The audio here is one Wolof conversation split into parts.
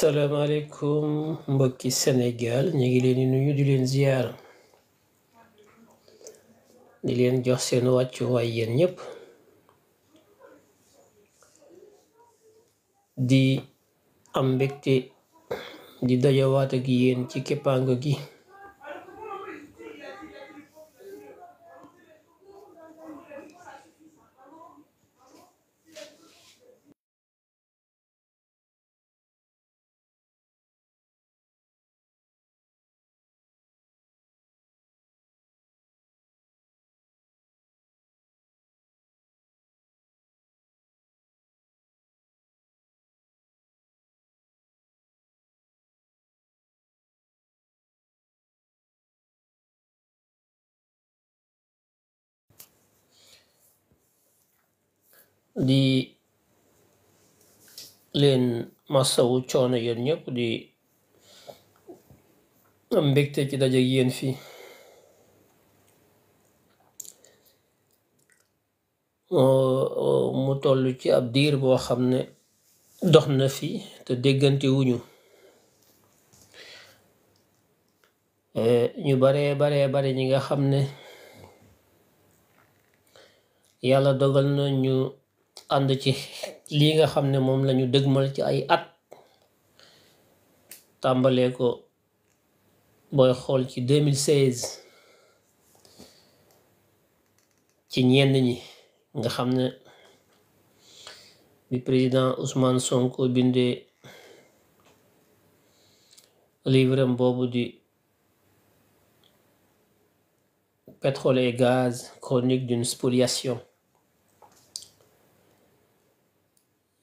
salaamaaleykum mbokki Sénégal ñu ngi leen di nuyu di leen ziyaar di leen jox seen wàccuwaay yéen ñépp di am mbégte di dajawaat gi yéen ci képpaango gi di leen masawu coono yéen ñëpp di am mbégte ci dajeg yéen fii mu toll ci ab diir boo xam ne dox na fi te déggante ñu bare baree bare ñi nga xam ne yàlla dogal na ñu ànd ci lii nga xam ne moom lañu dëgmal ci ay at tàmbalee ko booy xool ci 2016 ci ñenn ñi nga xam ne bi président Ousmane Sonko bindee livre am di pétrole et gaz chronique d'une spoliation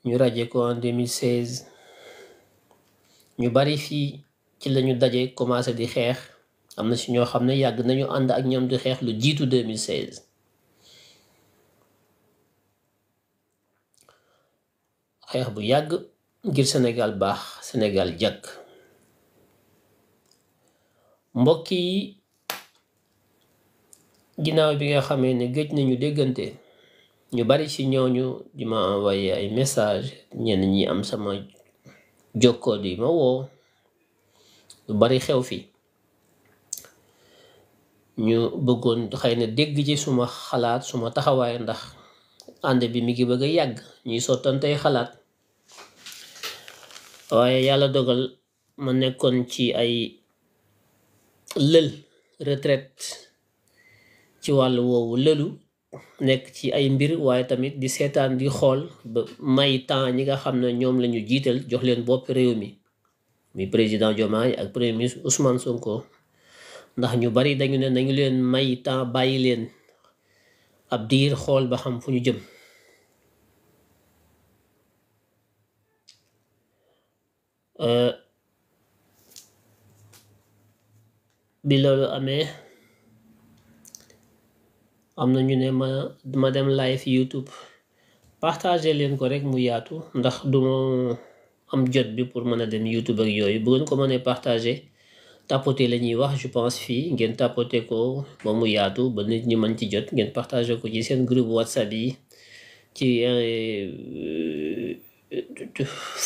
ñu raje ko en ñu bari fii ci lañu daje commencé di xeex am na si ñoo xam ne yàgg nañu ànd ak ñoom di xeex lu jiitu 2016 xeex bu yàgg ngir Sénégal baax Sénégal jàkk mbokk yi ginnaaw bi nga xamee ne gëj nañu déggante ñu bari ci ñooñu di ma envoyé ay message ñenn ñi am sama jokkoo di ma woo lu bari xew fii ñu bëggoon xay na dégg ci suma xalaat suma taxawaay ndax ànd bi mi ngi bëgg a yàgg ñuy sottantey xalaat waaye yàlla dogal ma nekkoon ci ay lël retraite ci wàllu woowu lëlu nekk ci ay mbir waaye tamit di seetaan di xool ba may temps ñi nga xam ne ñoom lañu ñu jiital jox leen bopp réew mi muy président Diomaye ak premier ministre Ousmane Sonko ndax ñu bari dañu ne nañu leen may temps bàyyi leen ab diir xool ba xam fu ñu jëm euh, bi loolu amee am na ñu ne ma ma dem live YouTube partagé leen ko rek mu yaatu ndax du am jot bi pour mën a dem YouTube ak yooyu bu ngeen ko mënee partagé tapoté la ñuy wax je pense fii ngeen tapoté ko ba mu yaatu ba nit ñi mën ci jot ngeen partagé ko ci seen groupe WhatsApp yi ci euh,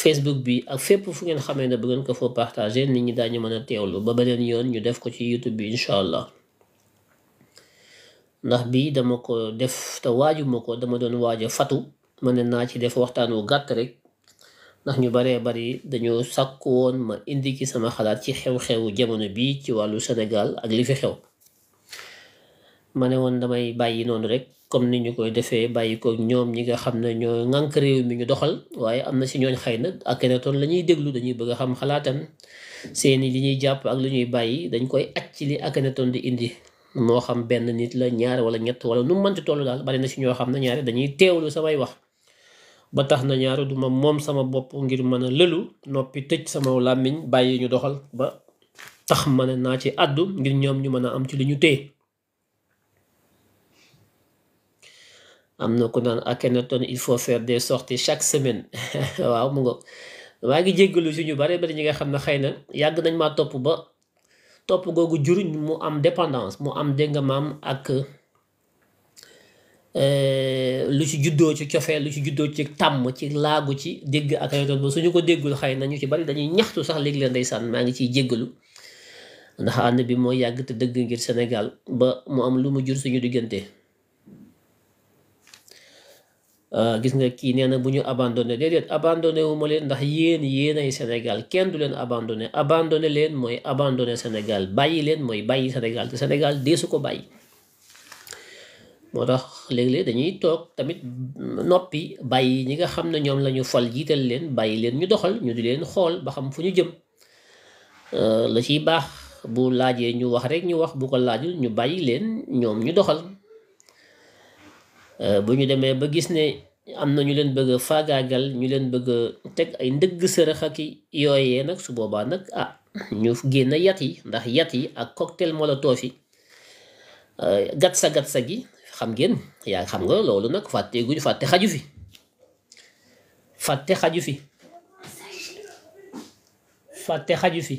Facebook bi ak fépp fu ngeen xamee ne bu ngeen ko foo partagé nit ñi ñu mën a teewlu ba ba beneen yoon ñu def ko ci YouTube bi incha allah. ndax bii dama ko def te waaju ma ko dama doon waaj fatu ma ne naa ci def waxtaan wu gàtt rek ndax ñu baree bari dañoo sàkk woon ma indi ci sama xalaat ci xew xew jamono bii ci wàllu senegal ak li fi xew ma ne woon damay bàyyi noonu rek comme ni ñu koy defee bàyyi ko ñoom ñi nga xam ne ñoo ŋànk réew mi ñu doxal waaye am na si ñooñ xay na ak Akhenaton la ñuy déglu dañuy bëgg xam xalaatam seeni li ñuy jàpp ak li ñuy bàyyi dañ koy acc li ak Akhenaton di indi moo xam benn nit la ñaar wala ñett wala nu mënti tollu daal bari na si ñoo xam ne ñaari dañuy teewlu samay wax ba tax na ñaari duma moom sama bopp ngir mën a lëlu noppi tëj sama làmmiñ bàyyi ñu doxal ba tax ma ne naa ci àddu ngir ñoom ñu mën a am ci lu ñu téye am na ku naan ak ton il faut faire de sorties chaque semaine waaw mu nga maa ngi jéggalu si ñu bare bari ñi nga xam ne xëy na yàgg nañ maa topp ba topp googu jur mu am dépendance mu am dégg nga maam ak euh, lu ci juddoo ci cofee lu ci juddoo ci tàmm ci laagu ci dégg ak ay doon ba suñu ko déggul xëy nañu ci bari dañuy ñaxtu sax léegi leen ndeysaan maa ngi ciy jéggalu ndax ànd bi moo yàgg te dëgg ngir Sénégal ba mu am lu mu jur suñu diggante gis nga kii nee na bu ñu abandonné déedéet abandonné wu ma leen ndax yéen yéenay Sénégal kenn du leen abandonné abandonné leen mooy abandonné Sénégal bàyyi leen mooy bàyyi Sénégal te Sénégal deesu ko bàyyi. moo tax léeg-léeg dañuy toog tamit noppi bàyyi ñi nga xam ne ñoom la ñu fal jiital leen bàyyi leen ñu doxal ñu di leen xool ba xam fu ñu jëm la ciy baax bu laajee ñu wax rek ñu wax bu ko laajul ñu bàyyi leen ñoom ñu doxal Euh, bu ñu demee ba gis ne am na ñu leen bëgg a faagaagal ñu leen bëgg teg ay ndëgg sërëx ak yooyee nag su boobaa nag ah ñu génn yat yi ndax yat yi ak cocktail molotov yi euh, gat sa gat sa gi xam ngeen yaa xam nga loolu nag fàtte guñu fàtte xaju fi fàtte xaju fi fàtte xaju fi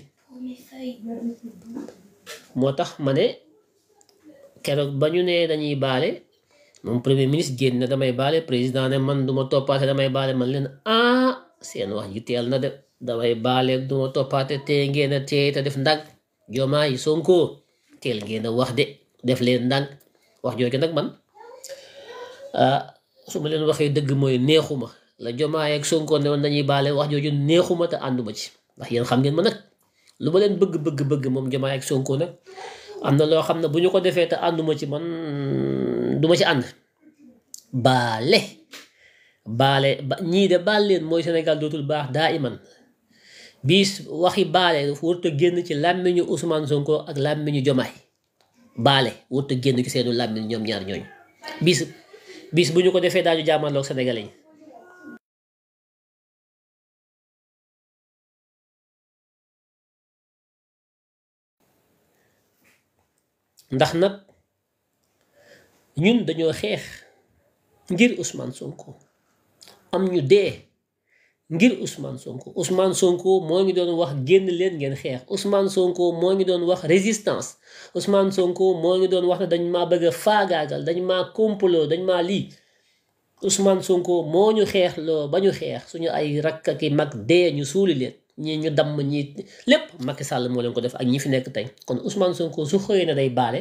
moo tax ma ne keroog ba ñu ne dañuy baale moom premier ministre génn na damay baale président ne man du ma toppaate damay baale man leen ah seen wax ji teel na de damay baale du ma toppaate te ngeen a teey te def ndànk Diomaye Sonko teel ngeen a wax de def leen ndànk wax jooju nag man ah su ma leen waxee dëgg mooy neexuma la Diomaye ak Sonko ne woon nañuy baale wax jooju neexuma te ànduma ci ndax yéen xam ngeen ma nag lu ma leen bëgg bëgg bëgg moom Diomaye ak Sonko nag am na loo xam ne du ci ànd baale baale ñii de baal leen mooy senegal dootul baax daa iman bis waxi baale warut génn ci làmmiñu Ousmane Sonko ak làmmiñu Jomaay baale warut génn ci seenu làmmiñ ñoom ñaar ñooñu bis bis bu ñu ko defee daañu jaamarloog Sénégalais yi ndax nag ñun dañoo xeex ngir Ousmane Sonko am ñu dee ngir Ousmane Sonko Ousmane Sonko moo ngi doon wax génn leen ngeen xeex Ousmane Sonko moo ngi doon wax résistance Ousmane Sonko moo ngi doon wax ne dañ maa bëgg a faagaagal dañ maa complot dañ maa lii Ousmane Sonko moo ñu xeex loo ba ñu xeex suñu ay rakk ki mag dee ñu suuli leen ñii ñu damm ñi lépp Macky Sall moo leen ko def ak ñi fi nekk tey kon Ousmane Sonko su xëyee na day baale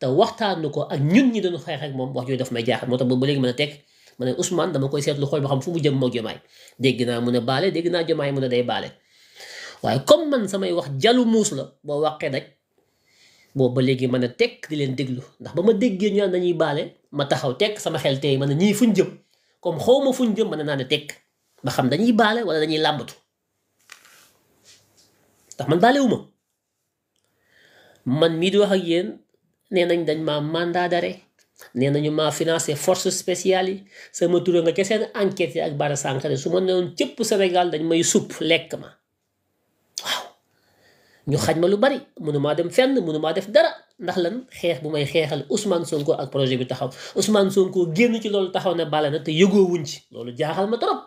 te waxtaanu ko ak ñun ñi doon xeex ak moom wax jooju daf may jaaxal moo tax ba léegi mën a tekk ma ne Ousmane dama koy seetlu xool ba xam fu mu jëm moo Jomaay dégg naa mu ne baale dégg naa Jomaay mu ne day baale waaye comme man samay wax jalu muus la boo waxee daj boo ba léegi mën a tekk di leen déglu ndax ba ma déggee ñu naan dañuy baale ma taxaw tekk sama xel tey ma ne ñii fuñ jëm comme xaw ma fuñ jëm mën naa ne tekk ba xam dañuy baale wala dañuy làmbatu ndax man baale wu man mii di wax ak yéen nee nañ dañ maa mandat dare nee nañu maa financé force spéciale yi sama tura nga ca seen enquête yi ak Bara Sankaré su ma newoon cëpp Sénégal dañ may supp lekk ma waaw ñu xaj ma lu bari mënu maa dem fenn mënu maa def dara ndax lan xeex bu may xeexal Ousmane Sonko ak projet bi taxaw Ousmane Sonko génn ci loolu taxaw ne bale na te yëgoo wuñ ci loolu jaaxal ma trop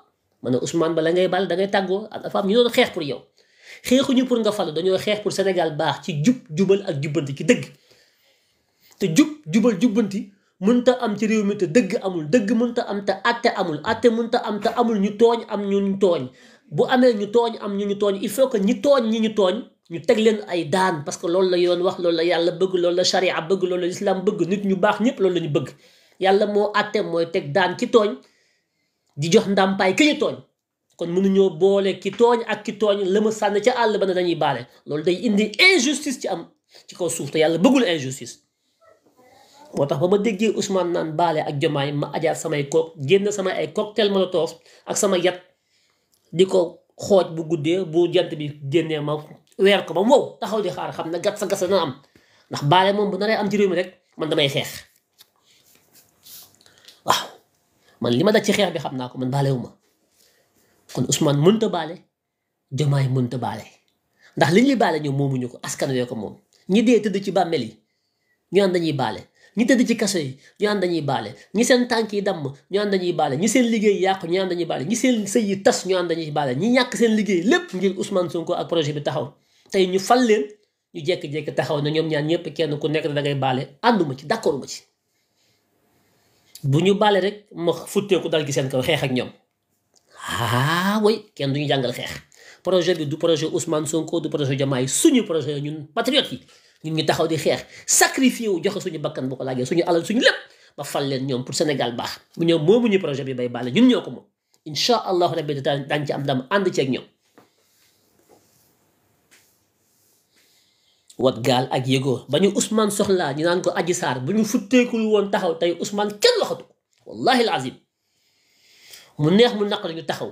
ma ne Ousmane ba la ngay bal da ngay tàggoo ak dafa am ñu doon xeex pour yow xeexuñu pour nga falu dañoo xeex pour Sénégal baax ci jub jubal ak jubbanti ci dëgg te jub jubal jubbanti mënta am ci réew mi te dëgg amul dëgg mënta am te atte amul atte mënta am te amul ñu tooñ am ñu ñu tooñ bu ñu tooñ am ñu ñu tooñ il faut que ñi tooñ ñi ñu tooñ ñu teg leen ay daan parce que loolu la yoon wax loolu la yàlla bëgg loolu la sharia bëgg loolu la islam bëgg nit ñu baax ñëpp loolu la ñu bëgg yàlla moo atte mooy teg daan ci tooñ di jox ndàmpaay ki ñu tooñ kon mënuñoo boole ki tooñ ak ki tooñ la ma sànn ci àll ba ne dañuy baale loolu day indi injustice ci am ci kaw suuf yàlla bëggul injustice moo tax ba ma déggee Ousmane naan baale ak jomaay ma ajaar samay kook génn sama ay cocktail molotov ak sama yat di ko xooj bu guddee bu jant bi génnee ma weer ko ba mu wow taxaw di xaar xam na gat sa ndax baale moom bu naree am ci réew rek man damay xeex waaw li ma daj ci xeex bi xam naa ko man baale wu ma kon Ousmane mënta baale jomaay mënta baale ndax li ñuy baale ñoom moomuñu ko askan wee ko moom ñi dee tëdd ci bàmmeel yi ñu naan dañuy baale ñi tëdd ci kaso yi ñu ànd dañuy baale ñi seen tànk yi damm ñu ànd dañuy baale ñi seen liggéey yàqu ñu ànd dañuy baale ñi seen sëy yi tas ñu ànd dañuy baale ñi ñàkk seen liggéey lépp ngir Ousmane Sonko ak projet bi taxaw tey ñu fal leen ñu jékki taxaw na ñoom ñaan ñëpp kenn ku nekk da ngay baale ànduma ci d'accord ma ci ñu baale rek ma futteeku dal gi seen kaw ak ñoom ah way kenn duñu jàngal xeex projet bi du projet Ousmane Sonko du projet Diomaye suñu projet ñun patriote yi ñun ñu taxaw di xeex sacrifier wu joxe suñu bakkan bu ko laajee suñu alal suñu lépp ba fal leen ñoom pour Sénégal baax bu ñoom ñu projet bi bay bàlle ñun ñoo ko moom incha allahu rabbi daañ ci am ndam ànd ci ak ñoom wat gaal ak yégoo ba ñu soxlaa ñu naan ko Adji Sarr bu ñu futteekul woon taxaw tey Ousmane kenn waxatu ko wallahi mu neex mu naqari ñu taxaw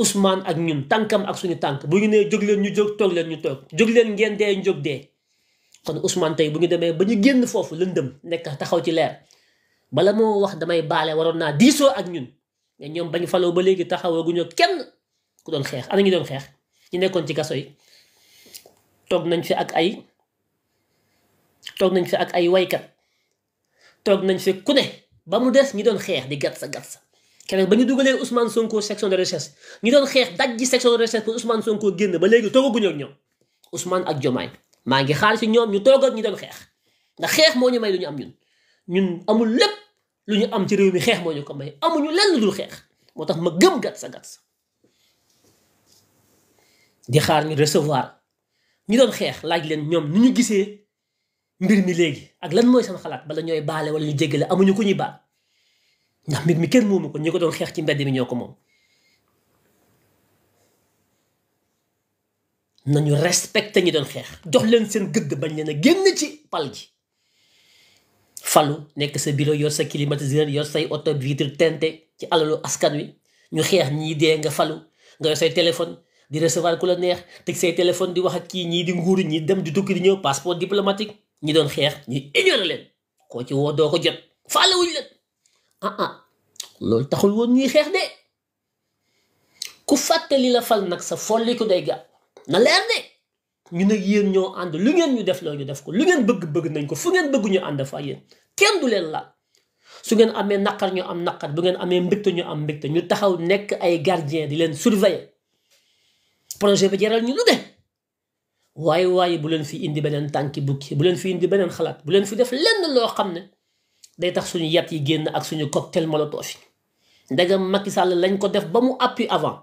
Ousmane ak ñun tànkam ak suñu tànk bu ñu nee jóg leen ñu jóg toog leen ñu toog jóg leen ngeen dee ñu jóg dee kon Ousmane tey bu ñu demee ba ñu génn foofu lëndëm nekk taxaw ci leer bala moo wax damay baale waroon naa diisoo ak ñun ñoom bañ faloo ba léegi taxawaguñu kenn ku doon xeex ana ñu doon xeex ñu nekkoon ci kaso yi toog nañ fi ak ay toog nañ fi ak ay waykat toog nañ fi ku ne ba mu des ñi doon xeex di gàtt sa gat sa keneen ba ñu dugalee Ousmane Sonko section de recherche ñi doon xeex daj ji section de recherche pour Ousmane Sonko génn ba léegi toogaguñu ak ñëw Ousmane ak Diomaye maa ngi xaar si ñoom ñu toogal ñu dem xeex ndax xeex moo ñu may lu ñu am ñun ñun amul lépp lu ñu am ci réew mi xeex moo ñu ko may amuñu lenn lu dul xeex moo tax ma gëm gàtt sa gàtt sa di xaar ñu recevoir ñu doon xeex laaj leen ñoom ni ñu gisee mbir mi léegi ak lan mooy sama xalaat bala ñooy baale wala ñu jéggale amuñu ko ñuy baal ndax mbir mi kenn moomu ko ñu ko doon xeex ci mbedd mi ñoo ko moom nañu respecté ñi doon xeex jox leen seen gëdd bañ leen a génn ci pal gi falu nekk sa bureau yor sa climatiseur yor say auto vitre teinté ci alalu askan wi ñu xeex ñii dee nga falu nga yor say téléphone di recevoir ku la neex teg say téléphone di wax ak kii ñii di nguuru ñii dem di tukki di ñëw passeport diplomatique ñi doon xeex ñu ignoré koo ci woo doo ko jot faalewuñ leen ah ah loolu taxul woon ñuy xeex de ku fàttali la fal nag sa folli ko day gàtt na leer de ñu nag yéen ñoo ànd lu ngeen ñu def loo ñu def ko lu ngeen bëgg bëgg nañ ko fu ngeen bëgg ñu ànd fa yéen kenn du leen laal su ngeen amee naqar ñu am naqar bu ngeen amee mbégte ñu am mbégte ñu taxaw nekk ay gardien di leen surveiller projet bi jaral ñu lu de waaye waaye bu leen fi indi beneen tànki bukki bu leen fi indi beneen xalaat bu leen fi def lenn loo xam ne day tax suñu yat yi génn ak suñu cocktail molotov yi ndegam Macky Sall lañ ko def ba mu appui avant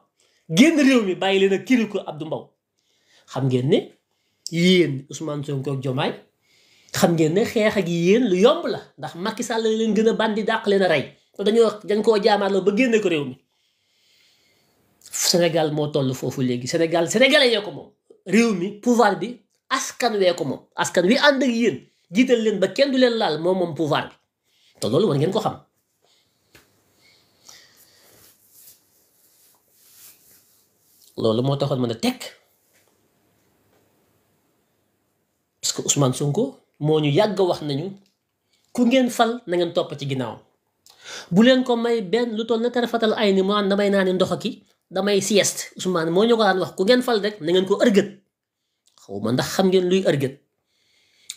génn réew mi bàyyi leen a kiriku Abdou Mbow xam ngeen ne yéen Ousmane Sonko ak Diomaye xam ngeen ne xeex ak yéen lu yomb la ndax Macky Sall leen gën a bandi dàq leen a rey te dañoo dañ koo jaamaarloo ba ko réew mi moo toll foofu léegi Sénégal sénégalais yoo ko moom réew mi pouvoir bi askan wee ko moom askan wi ànd ak jiital leen ba kenn du leen laal moom moom pouvoir te loolu war ngeen ko xam loolu moo taxoon mën a tekk parce que Ousmane Sonko moo ñu yàgg wax nañu ku ngeen fal na ngeen topp ci ginnaaw bu leen ko may benn lu toll na tarafatal ay ni mu damay naa ne ndox ki damay sieste Ousmane moo ñu ko daan wax ku ngeen fal rek na ngeen ko ërgët xaw ma ndax xam ngeen luy ërgët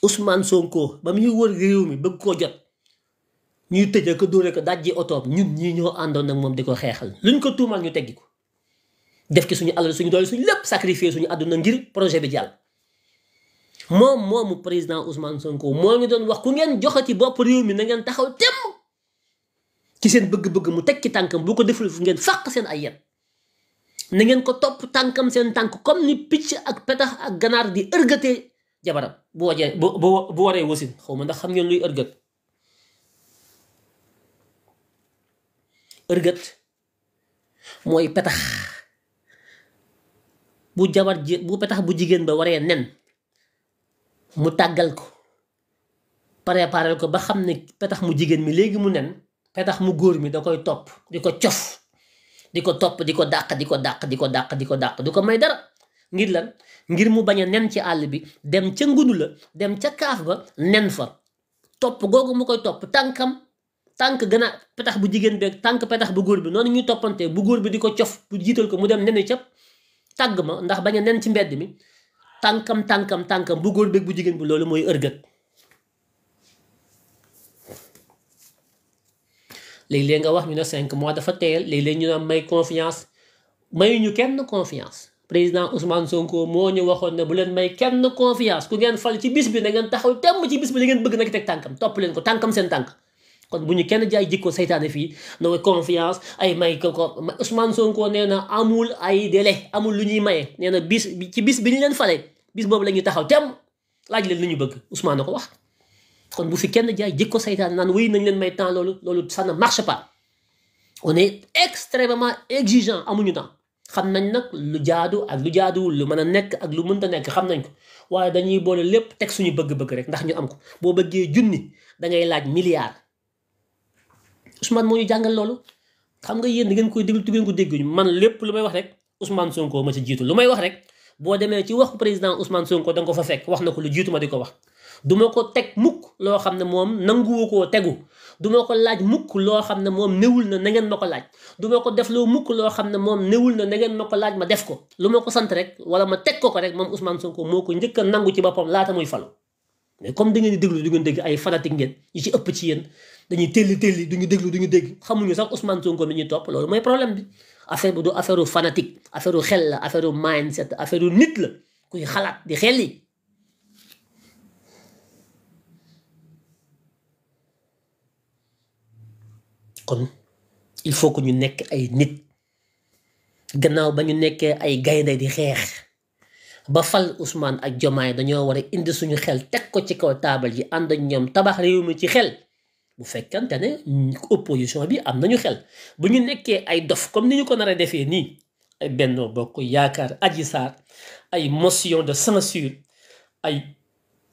Ousmane Sonko ba muy wër réew mi bëgg koo jot ñuy tëjee ko dóore ko dajji otoom ñun ñi ñoo àndoon ak moom di ko xeexal luñ ko tuumal ñu teggi ko def ki suñu alal suñu doole suñu lépp sacrifier suñu àdduna ngir projet bi jàll. moom moomu président Ousmane Sonko moo ngi doon wax ku ngeen joxati bopp réew mi na ngeen taxaw temm ci seen bëgg-bëgg mu teg ci tànkam bu ko deful fu ngeen fàq seen ay yet na ngeen ko topp tànkam seen tànk comme ni picc ak petax ak ganaar di ërgëtee jabaram bu wajee waree wasin xaw ma ndax xam ngeen luy ërgët ërgët mooy petax bu jabar ji bu petax bu jigéen ba waree nen mu tàggal ko préparel ko ba xam ne petax mu jigéen mi léegi mu nen petax mu góor mi da koy topp di ko cof di ko topp di ko dàq di ko dàq di ko dàq di ko dàq du ko may dara ngir lan ngir mu bañ nen ci àll bi dem ca ngunu la dem ca kaaf ba nen fa topp googu mu koy topp tànkam tànk gana petax bu jigéen beeg tànk petax bu góor bi noonu ñuy toppantee bu góor bi di ko cof bu jiital ko mu dem neni ca tàgg ma ndax bañ a nen ci mbedd mi tànkam tànkam tànkam bu góor beeg bu jigéen bi loolu mooy ërgëg léeg-léeg nga wax ñu ne cinq mois dafa teel léeg-léeg ñu naan may confiance mayuñu kenn confiance président Ousmane Sonko moo ñu waxoon ne bu leen may kenn confiance ku ngeen fal ci bis bi na taxaw temm ci bis bi da ngeen bëgg nag teg tànkam topp leen ko tànkam seen tànk kon bu ñu kenn jaay jikko seytaane fii na confiance ay may ko ko Ousmane Sonko nee na amul ay délai amul lu ñuy maye nee na bis ci bis bi ñu leen fale bis boobu la ñuy taxaw tem laaj leen lu ñu bëgg Ousmane na ko wax kon bu fi kenn jaay jikko seytaane naan wéy nañ leen may temps loolu loolu ça ne marche pas on est extrêmement amuñu temps xam nañ nag lu jaadu ak lu jaaduwul lu mën a nekk ak lu mënta nekk xam nañ ko waaye dañuy boole lépp teg suñu bëgg-bëgg rek ndax ñu am ko boo bëggee junni da laaj milliard Ousmane moo ñu jàngal loolu xam nga yéen da ngeen koy déglu tu ngeen ko dégguñu man lépp lu may wax rek Ousmane Sonko ma ci lu may wax rek boo demee ci wax président Ousmane Sonko da nga fa fekk wax na ko lu jiitu ma di ko wax du ma ko teg mukk loo xam ne moom nanguwu koo tegu du ma ko laaj mukk loo xam ne moom newul na na ngeen ma ko laaj du ma ko def mukk loo xam ne moom newul na na ngeen ma laaj ma def ko lu ma ko sant wala ma teg ko ko rek moom Ousmane Sonko moo ko njëkk nangu ci boppam laata muy falu comme da ngeen di déglu du dégg ay fanatique ngeen yi ci ëpp ci yéen dañuy telli telli duñu déglu duñu dégg xamuñu sax Ousmane Sonko mi ñu topp loolu mooy problème bi affaire bu du affaire fanatique affaire xel la affaire u mindset affaire u nit la kuy xalaat di xel yi kon il faut que ñu nekk ay nit gannaaw ba ñu nekkee ay gaynde di xeex ba fal Ousmane ak Jomaay dañoo war a indi suñu xel teg ko ci kaw taabal ji ànd ak ñoom tabax réew mi ci xel bu fekkante ne opposition bi am nañu xel bu ñu nekkee ay dof comme ni ñu ko nar defee nii ay Benno Bokk Yaakaar Adji Sarr ay motion de censure ay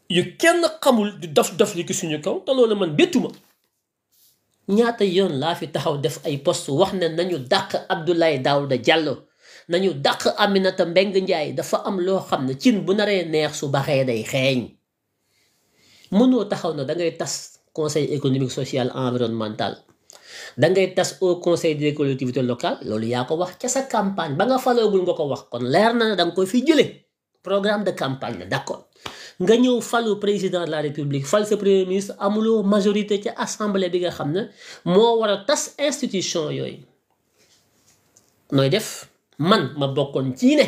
yu kenn xamul du dof-dof li ki suñu kaw te loolu man bettuma ñaata yoon laa fi taxaw def ay poste wax ne nañu dàq Abdoulaye Daouda jàll nañu dàq Aminata mbeng Ndiaye dafa am loo xam ne cin bu naree neex su baxee day xeeñ mënoo taxaw na dangay tas conseil économique social environnemental da ngay tas au conseil des collectivités locales loolu yaa ko wax ca sa campagne ba nga faloogul nga ko wax kon leer na ne danga nga koy fi jëlee programme de campagne la d'accord nga ñëw falu président de la république fal sa premier ministre amuloo majorité ca assemblée bi nga xam ne moo war a tas institution yooyu nooy def man ma bokkoon ci ne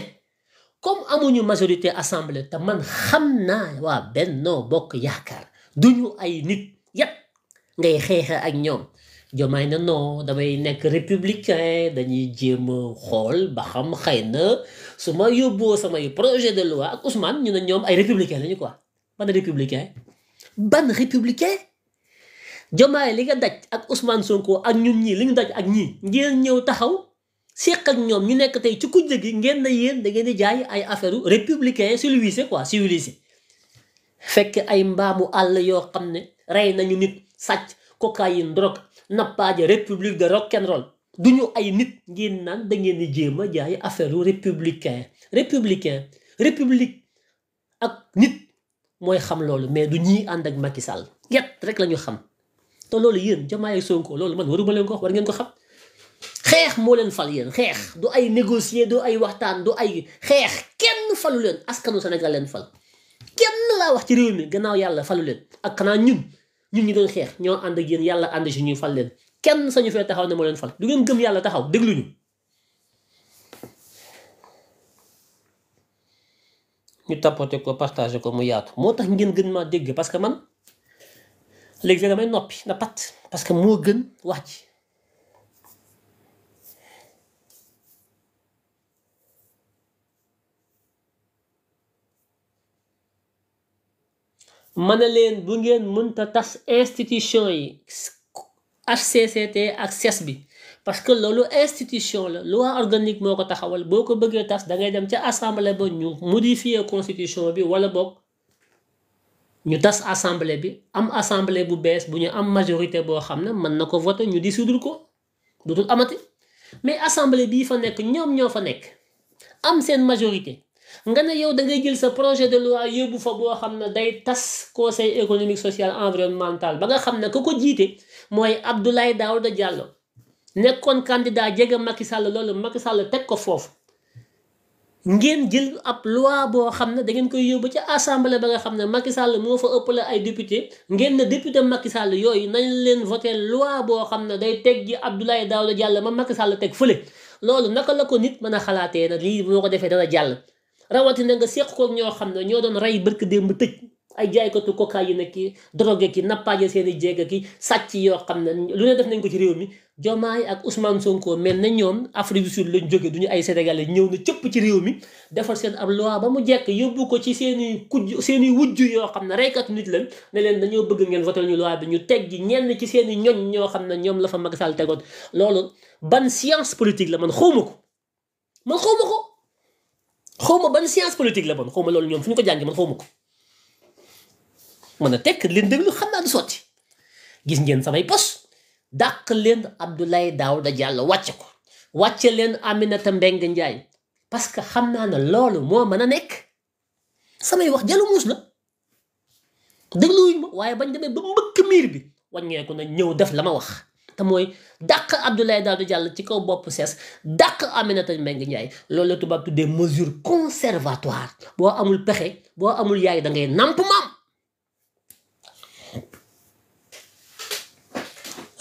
comme amuñu majorité assemblée te man xam naa waa Benno Bokk Yaakaar yépp ngay xeexee ak ñoom jomaay na noo damay nekk républicain dañuy jéem a xool ba xam xay na su ma yóbboo samay projet de loi ak Ousmane ñu ne ñoom ay républicain lañu quoi ban républicain ban républicain jomaay li nga daj ak usmaan Sonko ak ñun ñi li ñu daj ak ñi ngeen ñëw taxaw seq ak ñoom ñu nekk tey ci kujje gi ngeen na yéen da ngeen di jaay ay affaire républicain civilisé quoi civilisé fekk ay mbaamu àll yoo xam ne rey nañu nit sàcc cocaïne drogue nappaaje république de rock kenn roll du ñu ay nit ngeen naan da ngeen di jéem a jaay affaire républicain républicain république ak nit mooy xam loolu mais du ñii ànd ak Macky Sall yet rek lañu xam te loolu yéen Diomaye ak Sonko loolu man waruma leen ko wax war ngeen ko xam xeex moo leen fal yéen xeex du ay négocier du ay waxtaan du ay xeex kenn falu leen askanu Sénégal leen fal kenn laa wax ci réew mi gannaaw yàlla falu leen ñu ñi doon xeex ñoo ànd a yéen yàlla ànd si ñuy fal leen kenn sañu fee taxaw ne moo leen fal du ngeen gëm yàlla taxaw dégluñu ñu tapote ko partagé ko mu yaatu moo tax ngeen gën maa dégg parce que man léegi danga may noppi na pat parce que moo gën wax ji mën na leen bu ngeen mënta tas institution yi HCCT ak CES bi parce que loolu institution la loi organique moo ko taxawal boo ko bëggee tas da ngay dem ca assemblée ba ñu modifier constitution bi wala boog ñu tas assemblée bi am assemblée bu bees bu ñu am majorité boo xam ne mën na ko voter ñu dissoudre ko dootul amati mais assemblée bi fa nekk ñoom ñoo fa nekk am seen majorité. nga ne yow da jël sa projet de loi yóbbu fa boo xam ne day tas conseil économique social environnemental ba nga xam ne ku ko jiite mooy Abdoulaye Daouda Diallo nekkoon candidat jege Macky Sall loolu Macky Sall teg ko foofu ngeen jël ab loi boo xam ne da ngeen koy yóbbu ci assemblée ba nga xam ne Macky Sall moo fa ëppale ay député ngeen ne député Macky Sall yooyu nañ leen voté loi boo xam ne day teg ji Abdoulaye Daouda Diallo ma Macky Sall teg fële loolu naka la ko nit mën a xalaatee na lii moo ko defee dana jàll. rawatina nga seq koog ñoo xam ne ñoo doon rey barke démb tëj ay jaaykatu cocaïne ki drogue ki nappaaje seen i jéeg ki sàcc yoo xam ne lu ne def nañ ko ci réew mi Diomaye ak Ousmane Sonko mel na ñoom Afrique du Sud lañ jóge duñu ay sénégalais ñëw na cëpp ci réew mi defar seen am loi ba mu jekk yóbbu ko ci seeni i kuj seen i wujj yoo xam ne reykat nit lañ ne leen dañoo bëgg ngeen voté ñu loi bi ñu teg ji ñenn ci seen i ñoñ ñoo xam ne ñoom la fa Macky Sall tegoon loolu ban science politique la man xawma ko man xawma ko xaw ma ban science politique la bon xaw ma loolu ñoom fu ñu ko jàngee man xaw ma ko mën a tekk leen déglu xam naa du sotti gis ngeen samay pos dàq leen Abdoulaye Daouda Diallo wàcce ko wàcce leen Aminata Mbengue Ndiaye parce que xam naa ne loolu moo mën a nekk samay wax jalu muus la dégluwuñ ma waaye bañ demee ba mbëkk miir bi waññeeku na ñëw def la ma wax te mooy dàq daal du jàll ci kaw bopp sees dàq Aminata Mbengue Ndiaye loolu la tubaab tuddee mesure conservatoire boo amul pexe boo amul yaay da ngay namp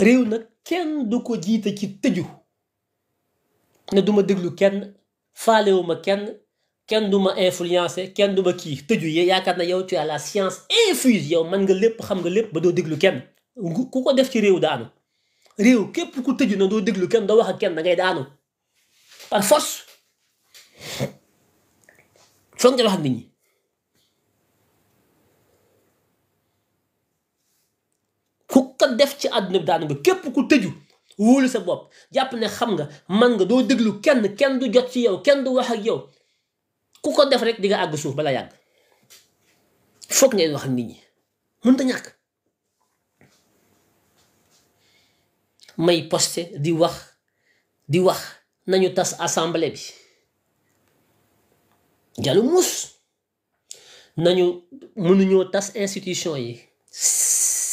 réew na kenn du ko jiite ci tëju ne duma déglu kenn faalewuma kenn kenn du ma influencé kenn du ma kii tëju yee yaakaar na yow tu as la science infuse yow mën nga lépp xam nga lépp ba doo déglu kenn ku ko def ci réew daanu réew képp ku tëju na doo déglu kenn doo wax ak kenn da ngay daanu par fos foog nga wax ak nit ñi def ci àdduna bi daanu nga képp ku tëju wóolu sa bopp jàpp ne xam nga man nga doo déglu kenn kenn du jot ci yow kenn du wax ak yow ku ko def rek di nga àgg suuf bala yàgg foog ngay wax ak nit ñi mënta ñàkk may poste di wax di wax nañu tas assemblée bi jalu muus nañu mënuñoo tas institution yi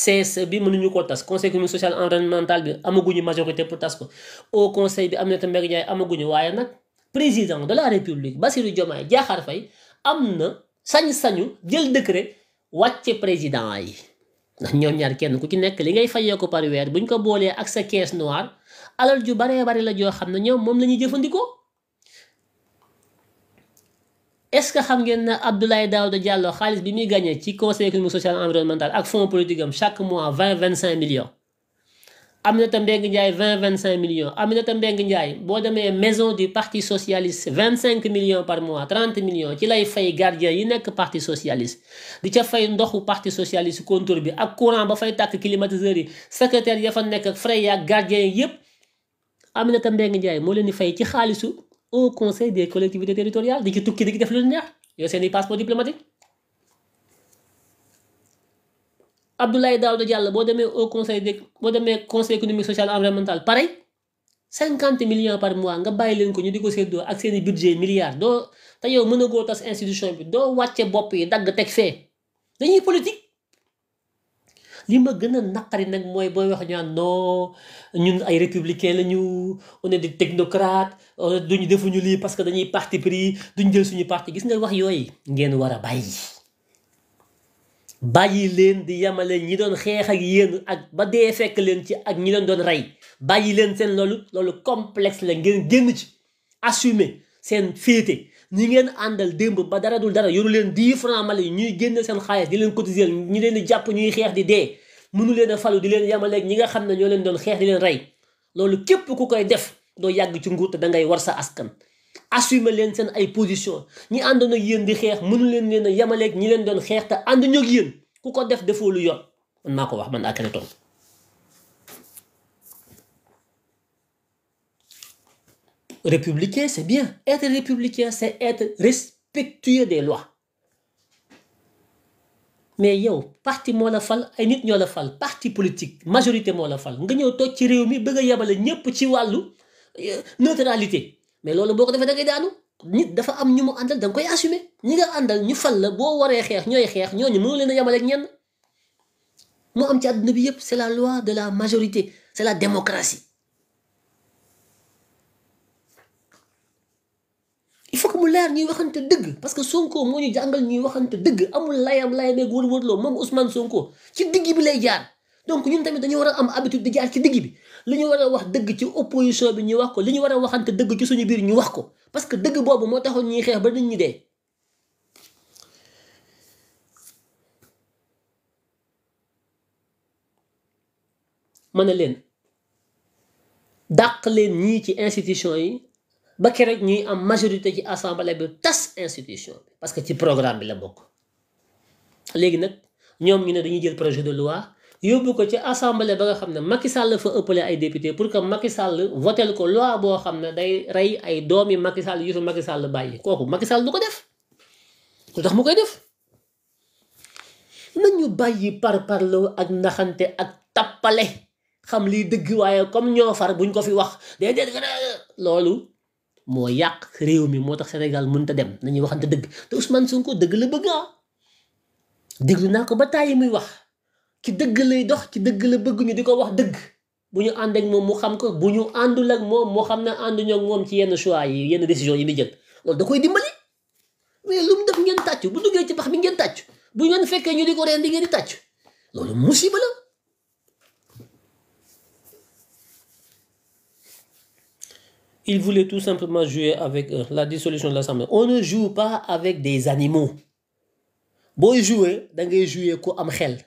CSE bi mënuñu koo tas conseil économique social environnemental bi amaguñu majorité pour tas ko au conseil bi am na Aminata Mbengue Ndiaye amaguñu waaye nag président de la république Bassirou jomaa Diakhar fay am na sañ-sañu jël décret wàcce président yi ndax ñoom ñaar kenn ku ci nekk li ngay fayee ko par weer buñ ko boolee ak sa caisse noire alal ju baree bari la joo xam ne ñoom moom la ñuy jëfandikoo est-ce que xam ngeen ne Abdoulaye a Diallo xaalis bi muy gagné ci conseil économique social environnemental ak fonds politique am chaque mois vingt vingt cinq millions. Aminata Mbengue Ndiaye vingt vingt cinq millions Aminata Mbengue Ndiaye boo demee maison du parti socialiste vingt cinq million par mois trente millions ci lay fay gardien yi nekk parti socialiste di ca fay ndoxu parti socialiste contour bi ak courant ba fay tàkk climatiseur yi secrétaire ya fa nekk ak frais yaak gardien yi yépp Aminata Mbengue Ndiaye moo leen di fay ci xaalisu au conseil des collectivités territoriales di ci tukki di ci def lu neex yow seen passeport diplomatique Abdoulaye Daouda Diallo boo demee au conseil de boo demee conseil économique social environnemental pareil cinquante millions par mois nga bàyyi leen ko ñu di ko séddoo ak seeni budget milliards doo te yow mën a goo tas institution bi doo wàcce bopp yi dagg teg fee dañuy politique li ma gën a naqari nag mooy booy wax ñu non ñun ay républicain la ñu on est des technocrates euh, duñu defuñu lii parce que dañuy parti pris duñu jël suñu parti gis nga wax yooy ngeen war a bàyyi bàyyi leen di yemale ñi doon xeex ak yéen ak ba dee fekk leen ci ak ñi leen doon rey bàyyi leen seen loolu loolu complexe la ngeen génn ci assumer seen féete ñi ngeen àndal démb ba dara dul dara yoru leen di 10 francs yi ñuy génn seen xaalis di leen cotiser ñi leen di jàpp ñuy xeex di dee mënu leen a falu di leen yemaleeg ñi nga xam ne ñoo leen doon xeex di leen rey loolu képp ku koy def doo yàgg ci nguur te da ngay war sa askan assumer leen seen ay position ñi àndoon ak yéen di xeex mënu leen leen a yemaleeg ñi leen doon xeex te ànduñu ak yéen ku ko def defoo lu yoon man maa ko wax man Akhenaton républicain c'est bien être républicain c'est être respectueux des lois mais yow parti moo la fal ay nit ñoo la fal parti politique majorité moo la fal nga ñëw toog ci réew mi bëgg a yebale ñépp ci wàllu euh, neutralité mais loolu boo ko defee da ngay nit dafa am ñu mu àndal da koy assumer ñi nga àndal ñu fal la boo waree xeex ñooy xeex ñooñu mënu leen a yemale mu am ci àdduna bi yëpp c'est la loi de la majorité c'est la démocratie il faut que mu leer ñuy waxante dëgg parce que Sonko moo ñu jàngal ñuy waxante dëgg amul layam layameeg wër-wër loo moom Ousmane Sonko ci digg bi lay jaar donc ñun tamit dañu war a am habitude di jaar ci digg bi li ñu war a wax dëgg ci opposition bi ñu wax ko li ñu war a waxante dëgg ci suñu biir ñu wax ko parce que dëgg boobu moo taxoon ñuy xeex ba nit ñi dee. ma ne leen dàq leen ñii ci institution yi ba keroog ñuy am majorité ci assemblée bi tas institution bi parce que ci programme bi la bokk léegi nag ñoom ñu ne dañuy jël projet de loi. yóbbu ko ci assemblée ba nga xam ne Macky Sall fa ëppale ay député pour que Macky Sall votel ko loi boo xam ne day rey ay doomi Macky Sall yu fi Macky Sall bàyyi kooku Macky Sall du ko def lu tax mu koy def nañu bàyyi par parloo ak naxante ak tappale xam liy dëgg waaye comme ñoo far buñ ko fi wax déedéet loolu moo yàq réew mi moo tax Sénégal mënut a dem nañuy waxante dëgg te Ousmane Sonko dëgg la bëgg ah naa ko ba tàyyi muy wax ci dëgg lay dox ci dëgg la bëgg ñu di ko wax dëgg bu ñu ànd moom mu xam ko bu ñu àndul ak moom moo xam ne ànduñoo ak moom ci yenn choix yi yenn décision yi muy jël loolu da koy dimbali mais lu mu def ngeen tàccu bu duggee ci pax mi ngeen tàccu bu ngeen fekkee ñu di ko reen di ngeen di tàccu loolu musiba la Il voulait tout simplement jouer avec eux. La dissolution de l'Assemblée. On ne joue pas avec des animaux. Boy jouer, dangay jouer ko am xel.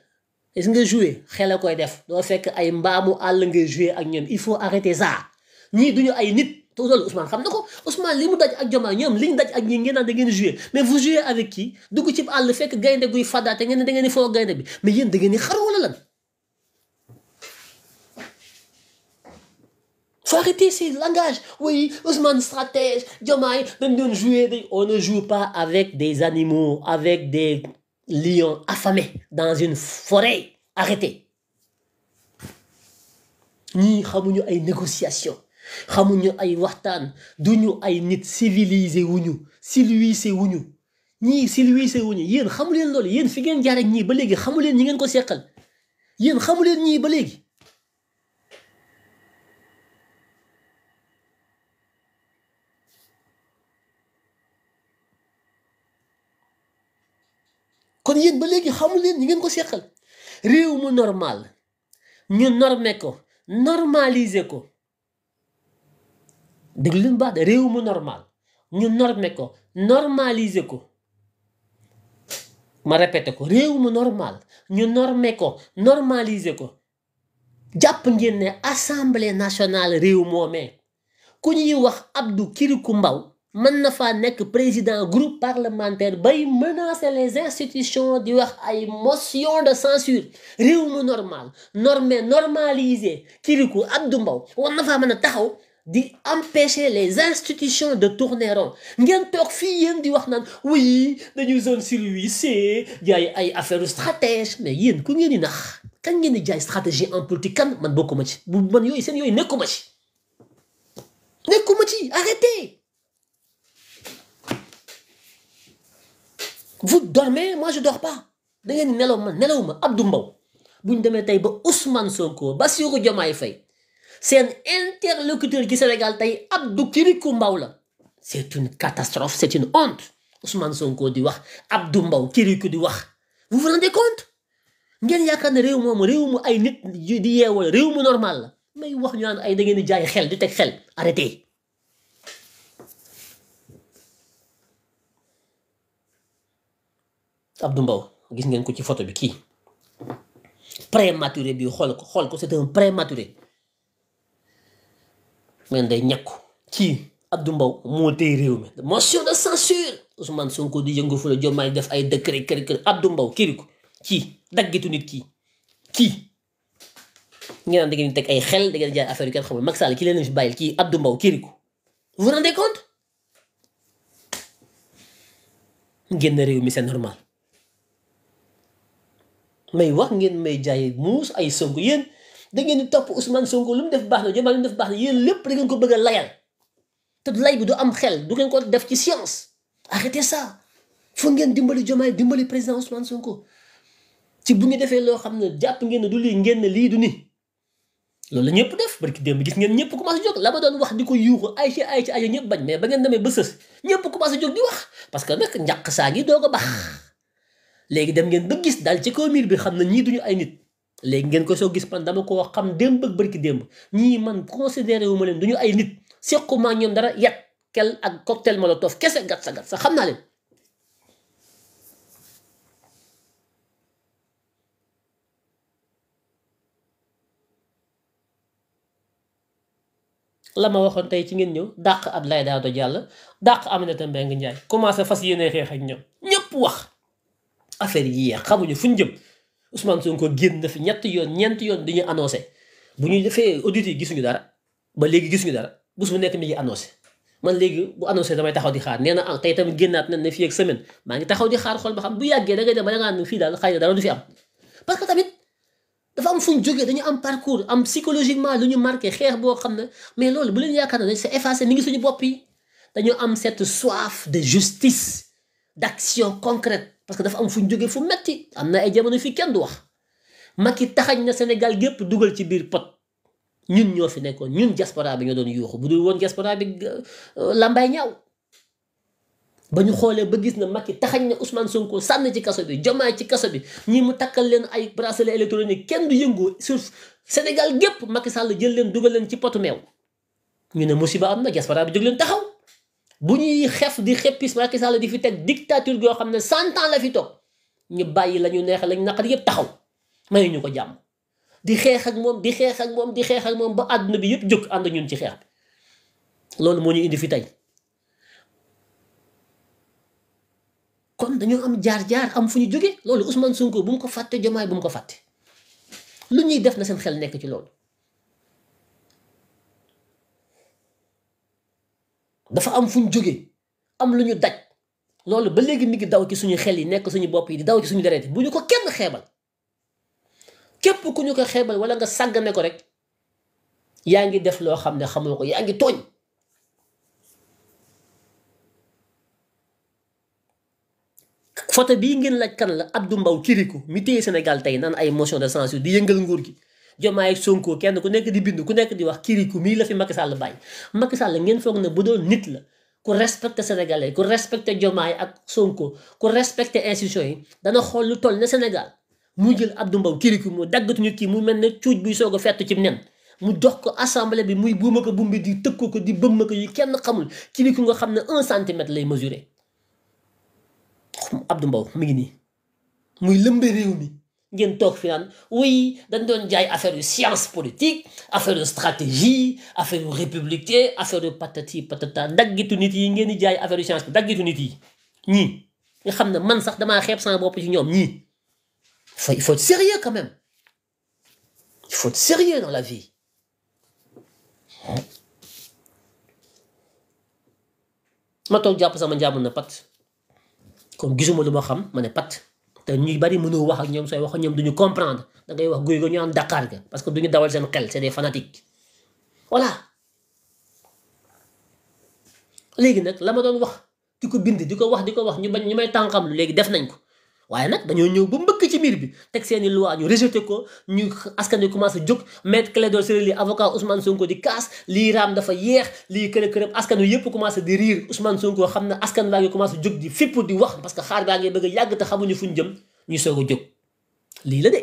gis nga jouer xel a koy def doo fekk ay mbaamu àll ngay jouer ak ñoom il faut arrêter ça ñii duñu ay nit te loolu Ousmane xam na ko Ousmane li mu daj ak Diomaye ñoom li ñu daj ak ñi ngeen naan da ngeen jouer mais vous jouez avec qui dugg ci àll fekk gaynde guy fadaate ngeen ne da ngeen di foo gaynde bi mais yéen da ngeen di xaru wala lan faut arrêter ces langages oui Ousmane stratège Diomaye dañ doon jouer dañ on ne joue pas avec des animaux avec des lion affamé dans une forêt arrêté ñii xamuñu ay négociation xamuñu ay waxtaan duñu ay nit civilisé wuñu civilisé wuñu ñii civilisé wuñu yéen xamuleen loolu yéen fi ngeen jaar ñii ba léegi xamuleen ñi ngeen ko seqal yéen xamuleen ñii ba léegi kon yéen ba léegi xamul leen ñi ngeen ko seqal réew mu normal ñu normé ko normaliser ko dégg lu de réew mu normal ñu normé ko normaliser ko ma répété ko réew mu normal ñu normé ko ko jàpp ngeen ne assemblée nationale réew moomee ku ñuy wax Abdou Kirikou Mbaw mën na faa nekk président groupe parlementaire bay menacer les institutions di wax ay motion de censure réew mu normal normé normalisé kiriku Abdou mbaw war na faa mën a taxaw di empêcher les institutions de tourner rond ngeen toog fii yéen di wax naan oui dañuy zone sur huit jaay ay affaire stratège mais yéen ku ngeen di nax kan ngeen di jaay stratégie en politique kan man bokkuma ci bu man yooy seen yooyu nekkuma ci nekkuma ci arrêtez vous dormez moi je dors pas da ngeen nelaw man nelaw ma Abdou Mbow bu ñu demee tey ba Ousmane Sonko Bassirou Diomaye Faye seen interlocuteur gi Sénégal tey Abdou Kirikou mbaw la c'est une catastrophe c'est une honte Ousmane Sonko di wax Abdou mbaw Kirikou di wax vous vous rendez compte ngeen yaakaar ne réew moom réew mu ay nit di yeewal réew mu normal la may wax ñu naan ay da ngeen di jaay xel di teg xel arrêtez Abdou Mbow gis ngeen ko ci photo bi kii prématuré bi xool ko xool ko c'est un prématuré men day ñàkku ci Abdou Mbow moo téye réew mi motion de censure Ousmane Sonko di yëngu fu la Diomaye def ay décret kër kër Abdou Mbow kiriku kii daggitu nit kii kii ngeen naan da ngeen ay xel da ngeen jaay affaire xamul Macky Sall ki leen fi bàyyil kii Abdou Mbow kiriku vous rendez compte génn réew mi c'est normal may wax ngeen may jaay muus ay Sonko yéen da ngeen di topp Ousmane Sonko lu mu def baax na Diomaye lu mu def baax na yéen lépp da ngeen ko bëgg layal te lay bi du am xel du ngeen ko def ci science arrêtez ça foog ngeen dimbali Diomaye dimbali président Ousmane Sonko ci bu ñu defee loo xam ne jàpp ngeen ne du lii ngeen ne lii du ni loolu ñëpp def barki démb gis ngeen ñëpp commencé jóg la ma doon wax di ko yuuxu ay ci ay ci ñëpp bañ mais ba ngeen demee ba sës ñëpp commencé jóg di parce que nag njàq saa ngi doog a baax léegi dem ngeen ba gis daal ci kaw miir bi xam na ñii duñu ay nit léegi ngeen ko soo gis man dama koo xam démb ak bërki démb ñii man considéré wu ma leen duñu ay nit sequma ñoom dara yat kel ak cocktail molotov kese gat sa gat sa xam naa leen la ma waxoon tey ci ngeen ñëw dàq Abdoulaye Daouda Diallo dàq Aminata Mbengue Ndiaye commencé fas yéene xeex ak ñoom ñëpp wax affaire yi yeex xamuñu fu ñu jëm Ousmane Sonko génn na fi ñetti yoon ñeenti yoon dañuy annoncé bu ñu defee audit yi gisuñu dara ba léegi gisuñu dara bés bu nekk mi ngi annoncé man léegi bu annoncé damay taxaw di xaar nee na ah, tey tamit génnaat nañ ne fii ak semaine maa ngi taxaw di xaar xool ba xam bu yàggee dem ba da ngaa ne fii daal am parce tamit dafa am fu ñu jógee dañu am parcours am psychologiquement lu ñu marqué xeex boo xam ne mais loolu bu leen yaakaar ne dañ c'est effacé mi ngi suñu bopp yi am cette soif de justice d'action concrète parce que dafa am fu ñu jógee fu metti am na ay jamono fii kenn du wax ki taxañ na Sénégal gépp dugal ci biir pot ñun ñoo fi nekkoon ñun diaspora bi ñoo doon yuuxu bu dul woon diaspora bi euh, lambay ñaaw ba ñu xoolee ba gis na Macky taxañ na Ousmane Sonko sànn ci kaso bi jomaay ci kaso bi ñi mu takkal leen ay bracelet électronique kenn du yëngoo sur Sénégal gépp Macky Sall jël leen dugal leen ci potu meew ñu ne musiba am na diaspora bi jóg taxaw bu ñuy xeef di xeppis Macky Sall di fi teg dictature goo xam ne cent ans la fi toog ñu bàyyi la ñu neex lañ naqari yëpp taxaw mayu ñu ko jàmm di xeex ak moom di xeex ak moom di xeex moom ba àdduna bi yëpp jóg ànd ñun ci xeex bi loolu moo ñu indi fi tey kon dañoo am jaar-jaar am fu ñu jóge loolu Ousmane Sonko bu mu ko fàtte Diomaye bu mu ko fàtte lu ñuy def na seen xel nekk ci loolu dafa am fu ñu jógee am lu ñu daj loolu ba léegi mi ngi daw ci suñu xel yi nekk suñu bopp yi di daw ci suñu deret bu ñu ko kenn xeebal képp ku ñu ko xeebal wala nga sàggane ko rek yaa ngi def loo xam ne xamoo ko yaa ngi tooñ photo bii ngeen la kan la Abdou Mbow Kirikou mu téye Sénégal tey naan ay motion de censure di yëngal nguur gi Jomaay Sonko kenn ku nekk di bind ku nekk di wax kiriku mii la fi Macky Sall bàyyi Macky Sall ngeen foog ne bu doon nit la ku respecté sénégalais ku respecté Jomaay ak Sonko ku respecté institution yi dana xool lu toll ne Sénégal mu jël Abdou Mbow kiriku mu daggatuñu kii mu mel ne cuuj buy soog a fett ci nen mu jox ko assemblée bi muy buuma ko bumbi di tëkk ko di bëmm ko yu kenn xamul kiriku nga xam ne un centimètre lay mesurer Abdou Mbow mi ngi nii muy lëmbe réew mi. ngeen toog fi naan oui dañ doon jaay affaire yu science politique affaire yu stratégie affaire yu république affaire yu patati patata daggitu nit yi ngeen di jaay affaire yu science bi daggitu nit yi ñii nga xam ne man sax damaa xeeb sama bopp ci ñoom ñii fa il faut être sérieux quand même il faut être sérieux dans la vie ma toog jàpp sama njàmm na pat comme gisuma lu ma xam ma ne pat te ñu bari mënoo wax ak ñoom sooy wax ak ñoom duñu comprendre da ngay wax guy ga ñu am Dakar ga parce que duñu dawal seen xel c'est des fanatiques voilà léegi nag la ma doon wax di ko bind di ko wax di ko wax ñu bañ ñu may tànqam lu léegi def nañ ko waaye nag dañoo ñëw ba mbëkk ci miir bi teg seeni loi ñu rejeté ko ñu askan wi commencé jóg maître Clédor Ciré li avocat Ousmane Sonko di kaas lii raam dafa yeex lii kërëb kërëb askan wi yëpp commencé di riir Ousmane Sonko xam na askan baa ngi commencé jóg di fipp di wax parce que xaar baa ngi bëgg a yàgg te xamuñu jëm ñu soog a jóg lii la de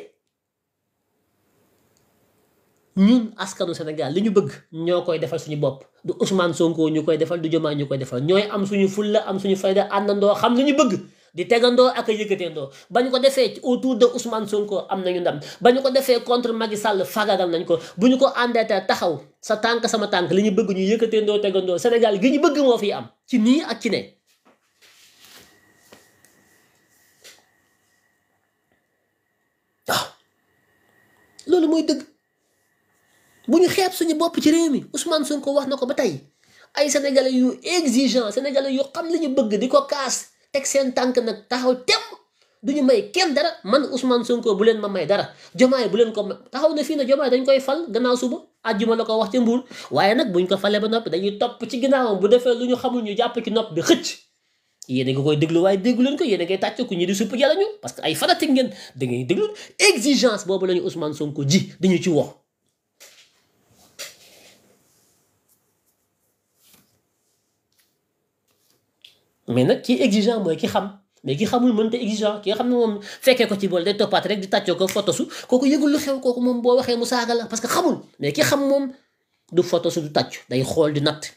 ñun askanu Sénégal li ñu bëgg ñoo koy defal suñu bopp du Ousmane Sonko ñu koy defal du Diomaye ñu koy defal ñooy am suñu fulla am suñu fayda àndandoo xam li ñu bëgg di tegandoo ak a yëkkateendoo ba ñu ko defee autour de Ousmane Sonko am nañu ndam ba ko defee contre Macky Sall fagagal nañ ko bu ñu ko àndee taxaw sa tànk sama tànk li ñu bëgg ñu yëkkateendoo tegandoo Sénégal gi ñu bëgg moo fi am ci nii ak ci ne. loolu mooy dëgg bu ñu xeeb suñu bopp ci réew mi Ousmane ko wax na ko ba tey ay sénégalais yu exigeant sénégalais yu xam li ñu bëgg di ko kaas. teg seen tànk nag taxaw temb du ñu may kenn dara man Ousmane Sonko bu leen ma may dara jomaay bu leen ko taxaw na fii na jomaay dañ koy fal gannaaw suba àjjuma la ko wax ci waaye nag buñ ko falee ba noppi dañuy topp ci ginnaawam bu defee lu ñu xamul ñu jàpp ci nopp bi xëcc yéen a ngi koy déglu waaye déglu leen ko yéen a ngay tàcc ku ñi di supp jalañu parce que ay fanatique ngeen da ngay déglu exigence boobu la ñu Ousmane Sonko ji dañu ci wax mais nag kii exigeant mooy ki xam mais ki xamul mënta exigeant ki nga xam ne moom fekkee ko ci bool day toppaat rek di tàccoo ko fotosu kooku yëgul lu xew kooku moom boo waxee mu saaga la parce que ki xam moom du fotosu du tàcc day xool di natt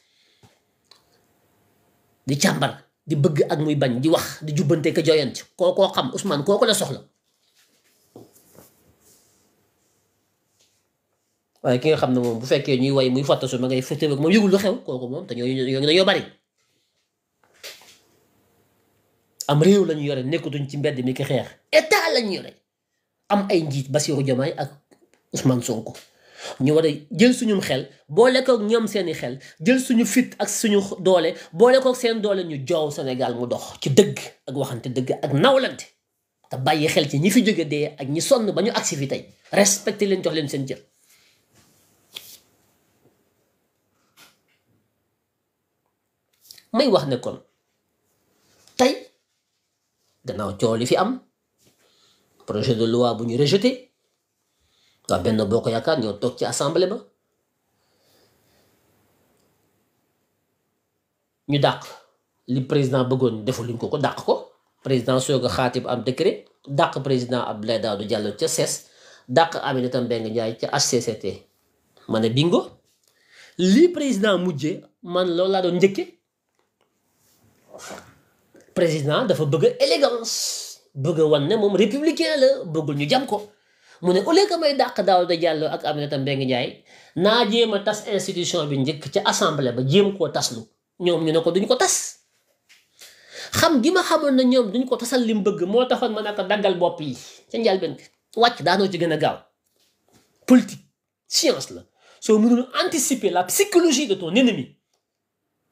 di càmbar di bëgg ak muy bañ di wax di jubbante ka joyanti kookoo xam Ousmane xam ne moom bu fekkee ñuy way muy fotosu ma ngay fëtëb ak moom yëgul lu xew kooku moom te ñoo ñoo dañoo bari am réew lañu yore nekkatuñ ci mbedd mi ki xeex état lañu yore am ay njiit Bassirou Diomaye ak Ousmane Sonko ñu war a jël suñum xel boole kook ñoom seeni xel jël suñu fit ak suñu doole boole kook seen doole ñu joow Sénégal mu dox ci dëgg ak waxante dëgg ak nawlante te bàyyi xel ci ñi fi jóge dee ak ñi sonn ba ñu agsi fi tey respecté leen jox leen seen jël may wax ne kon gannaaw coow li fi am projet de loi bu ñu rejeté waa benn boo ko yaakaar ñoo toog ci assemblée ñu dàq li président bëggoon deful luñ ko ko dàq ko président soog a xaatib am décret dàq président Abdoulaye du jàll ca CES dàq Aminata Mbengue Ndiaye ca HCCT ma ne bingo lii président mujjee man loolu laa doon njëkke président dafa bëgg a élégance bëgg a wan ne moom républicain la bëggul ñu jam ko mu ne au lieu may dàq da Diallo ak am Aminata Mbengue Ndiaye naa jéem a tas institution bi njëkk ci assemblée ba jéem koo taslu ñoom ñu ne ko duñ ko tas xam gi ma xamoon na ñoom duñ ko tasal li mu bëgg moo taxoon ma naka daggal bopp yi ca njëlbeen wàcc daanoo ci gën a gaaw politique science la soo mënul anticiper la psychologie de ton ennemi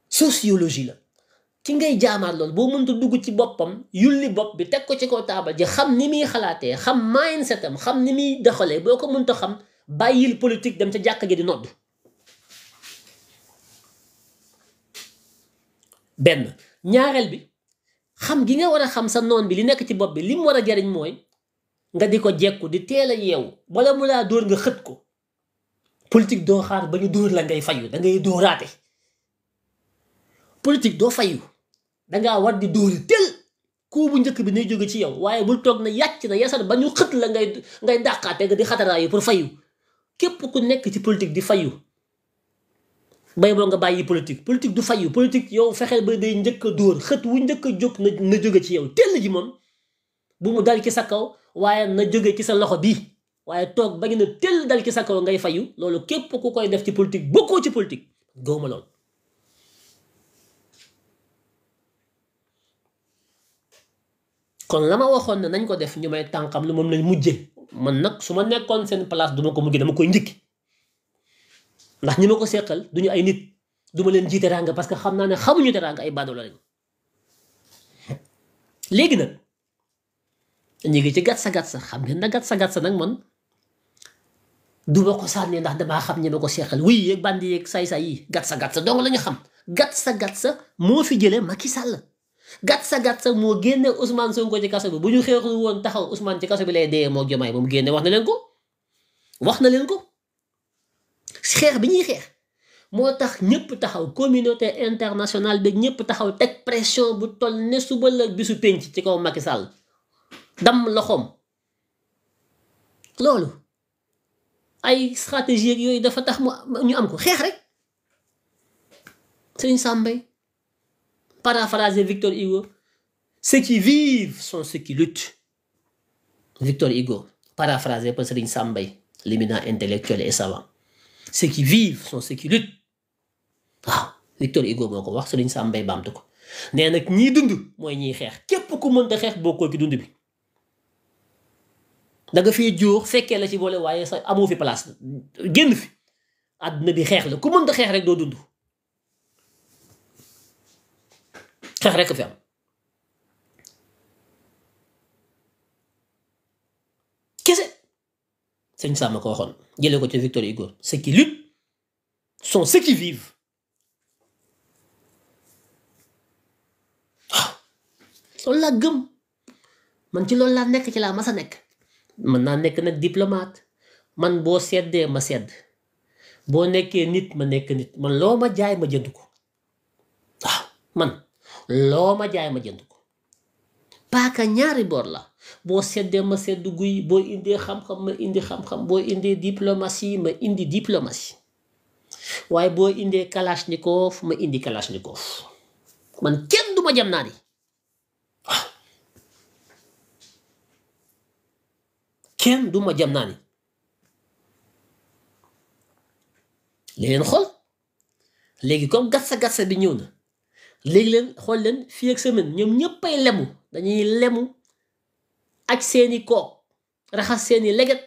sociologie la ci ngay jaamaar loolu boo mënta dugg ci boppam yulli bopp bi teg ko ci kaw taabal ji xam ni muy xalaatee xam mindset am xam ni muy doxalee boo ko mënta xam bàyyil politique dem ca jàkk ji di nodd benn ñaareel bi xam gi nga war a xam sa noon bi li nekk ci bopp bi li war a jariñ mooy nga di ko jekku di teel a yeewu bala mu laa dóor nga xët ko politique doo xaar ba ñu dóor la ngay fayu da dangay dóoraate politique doo fayu dangaa war di dóori tel kuu bu njëkk bi nay jóge ci yow waaye bul toog na yàcc na yasar ba ñu xët la ngay ngay dàqaate nga di xataraayu pour fayu képp ku nekk ci politique di fayu bay boo nga bàyyi politique politique du fayu politique yow fexeel ba day njëkk a xët wu njëkk jóg na na jóge ci yow tell ji moom bu mu dal ci sa kaw waaye na jóge ci sa loxo bii waaye toog ba ngi ne tell dal ci sa kaw ngay fayu loolu képp ku koy def ci politique bokkoo ci politique góoma loolu kon la ma waxoon ne nañ ko def ñu may tànkam lu moom lañ mujje man nag su ma nekkoon seen place duma ko mujje dama koy njëkki ndax ñi ma ko seqal duñu ay nit duma leen ji parce que xam naa ne xamuñu teraanga ay baadoolo lañ léegi nag ñu ngi ci gatsa gatsa xam ngeen na gatsa gatsa nag man duma ko sànni ndax damaa xam ñi ma ko seqal wuy yeeg bandi yeeg saay-saay yi gatsa gatsa dong la ñu xam gatsa gatsa moo fi jëlee Macky Sall gatsa gatsa moo génne Ousmane Sonko ci kaso bi bu ñu xeexu woon taxaw Ousmane ci kaso bi lay dee moo Jomaay ba mu génne wax na leen ko wax na leen ko xeex bi ñuy xeex moo tax ñëpp taxaw communauté internationale bi ñëpp taxaw teg pression bu toll ne suba la bisu pénc ci kaw Macky Sall damm loxoom loolu ay stratégie yooyu dafa tax mu ñu am ko xeex rek sëñ Sambay Paraphraser Victor Hugo, ceux qui vivent sont ceux qui luttent. Victor Hugo, paraphrasé par Serine Sambay, l'éminent intellectuel et savant. Ceux qui vivent sont ceux qui luttent. waaw ah, Victor Hugo boo ko wax Serigne Sam Mbaye baamtu ko nee nag ñii dund mooy ñiy xeex képp ku mënta xeex bokkoo ci dund bi da nga fii fekkee la ci boole waaye sa amoo fi place génn fi àdduna bi xeex la ku mënta xeex rek doo dund xeex rekk fi am kese sëñ Samba ko waxoon jëlee ko ci Victor Hugo ceux qui luttent sont ceux qui laa gëm man ci loolu laa nekk ci laa ma a nekk mën naa nekk nag diplomate man boo seddee ma sedd boo nekkee nit ma nekk nit man loo ma jaay ma jënd ko man loo ma jaay ma jënd ko paaka ñaari boor la boo seddee ma seddu guy boo indee xam-xam ma indi xam-xam boo indee diplomatie ma indi diplomatie waaye boo indee kalachnikov ma indi kalachnikov man kenn du ma jam naa ni ah. kenn du ma jam naa ni leen xool léegi comme gassa gassa bi ñëw na léegi leen xool leen fii ak semaine ñoom ñëppay lemu dañuy lemu ak seeni kook raxas seeni leget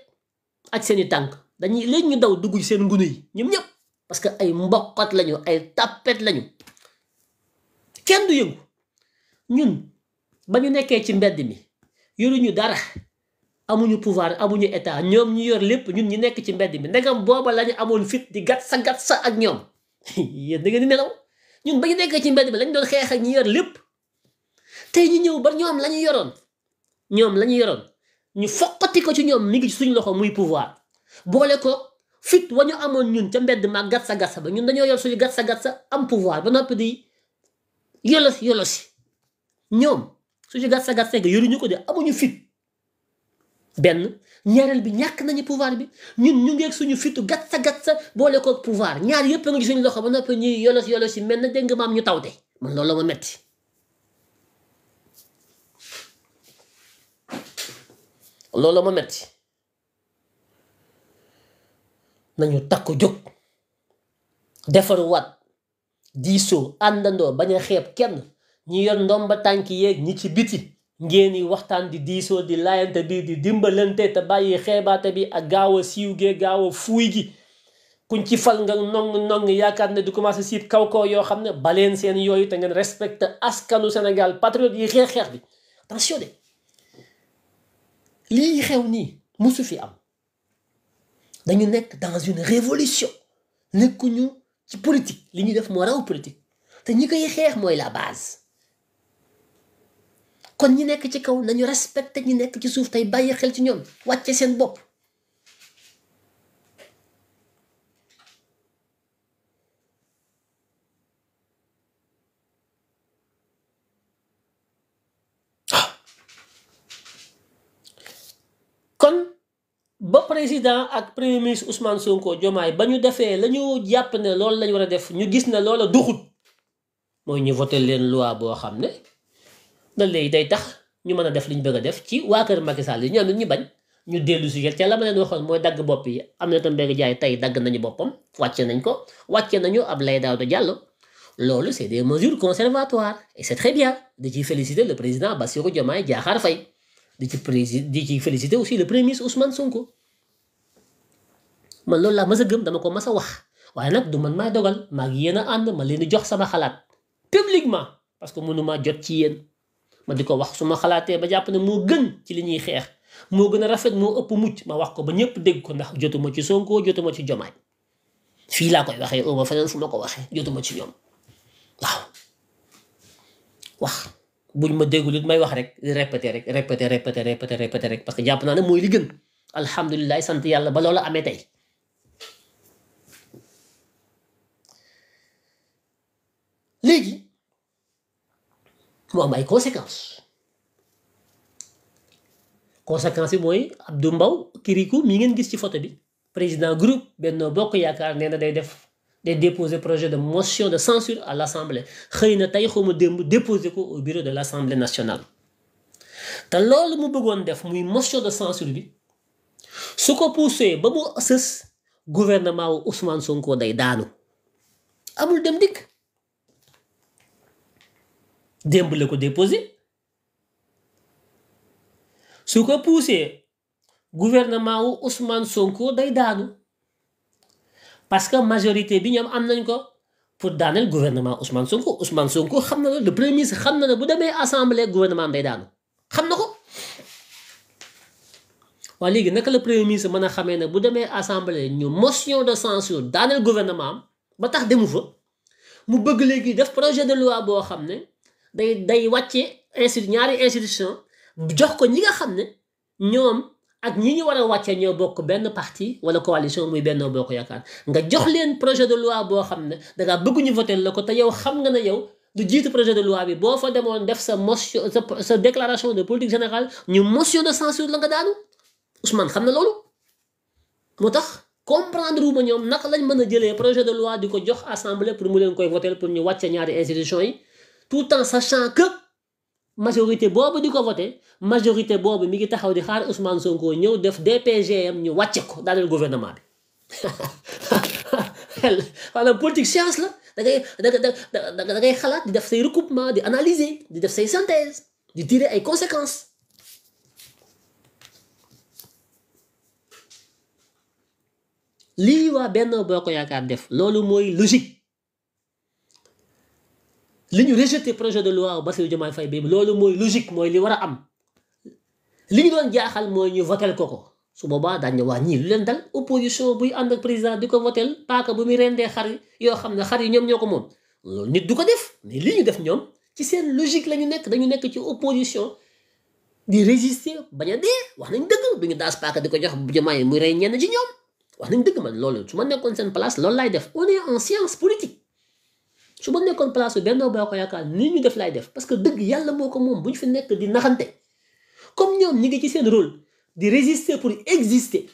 ak seeni tànk dañuy léegi ñu daw dugg seen ngunu yi ñoom ñëpp parce que ay mbokkat lañu ay tàppet lañu kenn du yëngu ñun ba ñu nekkee ci mbedd mi yoruñu dara amuñu pouvoir amuñu état ñoom ñu yor lépp ñun ñu nekk ci mbedd mi ndegam booba lañu amoon fit di gat sa gat ak ñoom yéen da ngeen di nelaw ñun ba ñu nekkee ci mbedd bi lañ doon xeex ak ñi yor lépp tey ñu ñëw ba ñoom la ñu yoroon ñoom lañu ñu yoroon ñu foqati ko ci ñoom mi ngi suñu loxo muy pouvoir boole ko fit wa ñu amoon ñun ca mbedd ma gatsa gatsa ba ñun dañoo yor suñu gatsa gatsa am pouvoir ba noppi di yolosi yolosi ñoom suñu gatsa gatsa nga yoruñu ko de amuñu fit benn ñaareel bi ñàkk nañu pouvoir bi ñun ñu ngeeg suñu fitu gat sa gat sa boole ko pouvoir ñaar yëpp a ngi suñu loxo ba noppi ñuy yolos yolos mel na dégg nga maam ñu tawte man loolu ma metti loolu ma metti nañu takku jóg defaruwaat diisoo àndandoo bañ a xeeb kenn ñi yor ndomba tànk yeeg ñi ci biti ngeen di waxtaan di diisoo di laayante biir di dimbalante te bàyyi xeebaate bi ak gaaw a siiw gee gaaw a fuuy gi kuñ ci fal nga nong nong yaakaar ne du commencé siib kaw kaw yoo xam ne baleen seen yooyu te ngeen respecté askanu Sénégal patriote yi xeex xeex bi attention de lii xew nii musu fi am dañu nekk dans une révolution nekkuñu ci politique li ñu def moo raw politique te ñi koy xeex mooy la base kon ñi nekk ci kaw nañu respecté ñi nekk ci suuf tey bàyyi xel ci ñoom wàcce seen bopp kon ba président ak premier ministre Ousmane Sonko jomaay ba ñu defee la ñu jàpp ne loolu lañu war a def ñu gis ne loola duxut mooy ñu voté leen loi boo xam ne loolu léegi day tax ñu mën a def li ñu bëgg def ci waa kër Macky Sall yi ñoom it ñu bañ ñu dellu si ca la ma leen waxoon mooy dagg bopp yi am na tam mbéy jaay tey dagg nañu boppam wàcce nañ ko wàcce nañu ab lay daal da jàll loolu c'est des mesures conservatoires et c'est très bien di ci féliciter le président Bassirou Diomaye Diakhar Faye di ci prési di ci féliciter aussi le premier ministre Ousmane Sonko man loolu laa mas a gëm dama ko mas a wax waaye nag du man maay dogal maa ngi yéen ànd ma leen di jox sama xalaat publiquement parce que mënu maa jot ci yéen. ma di ko wax su ma xalaatee ba jàpp ne moo gën ci li ñuy xeex moo gën a rafet moo ëpp mucc ma wax ko ba ñëpp dégg ko ndax jotuma ci sonkoo jotuma ci Jomaay fii laa koy waxee oo ba feneen fu ma ko waxee jotuma ci ñoom waaw wax buñ ma déggul it may wax rek di répété rek répété répété répété répété rek parce que jàpp naa ne mooy li gën alhamdulilah sant yàlla ba loola amee tey léegi mu am ay conséquences conséquences yi mooy Abdou mbaw Kirikou mi ngeen gis ci photo bi président groupe benn Bokk Yaakaar nee na day def day déposer projet de motion de censure à l'Assemblée xëy na tey xaw ma démb déposer ko au bureau de l'Assemblée nationale te loolu mu bëggoon def muy motion de censure bi su ko poussé ba mu sës gouvernement wu Ousmane Sonko day daanu amul dem dikk démb la ko déposé su ko poussé gouvernement wu Ousmane Sonko day daanu parce que majorité bi ñoom am nañ ko pour daaneel gouvernement Ousmane Sonko Ousmane Sonko xam na ne le premier ministre xam na ne bu demee assemblée gouvernement am day daanu xam na ko waaye léegi naka la premier mën a xamee ne bu demee assemblée ñu motion de censure daaneel gouvernement am ba tax demu fa mu bëgg léegi def projet de loi boo xam ne. day day wàcce institut ñaari institution jox ko ñi nga xam ne ñoom ak ñi ñu war a wàccee ñoo bokk benn parti wala coalition muy benn bokk yaakaar nga jox leen projet de loi boo xam ne dangaa bëgg ñu voté ko te yow xam nga ne yow du jiitu projet de loi bi boo fa demoon def sa motion sa déclaration de politique générale ñu motion de censure la nga daanu Ousmane xam na loolu moo tax comprendre wu ma ñoom naka lañ mën a jëlee projet de loi di ko jox assemblée pour mu leen koy voté pour ñu wàcce ñaari institution yi tout en sachant que majorité boobu di ko voté majorité boobu mi ngi taxaw di xaar Ousmane Sonko ñëw def DPGM ñu wàcce ko daaneel gouvernement bi xanaa politique science la da ngay da da da ngay xalaat di def say recoupement di analyser di def say synthèse di tirer ay conséquences lii waa Benno Bokk Yaakaar def loolu mooy logique li ñu rejeté projet de loi Bassirou Diomaye Faye bi loolu mooy logique mooy li war am li ñu doon jaaxal mooy ñu votel ko ko su boobaa daañu wax ñii lu leen dal opposition buy ànd ak président di ko votel paaka bu muy rendee xar yoo xam ne xar yi ñoom ñoo ko moom loolu nit du ko def mais li ñu ñoom ci seen logique la ñu nekk dañu nekk ci opposition di résister bañ a dee wax nañ dëgg du ñu daas paaka di ko jox Diomaye muy rey ñenn ci ñoom wax nañ dëgg man loolu su ma nekkoon seen place lool laay def on est en science politique su ma nekkoon place bi Benno Bokk Yaakaar nii ñu def lay def parce que dëgg yàlla moo ko moom bu ñu fi nekk di naxante comme ñoom ñi ngi ci seen rôle di résister pour exister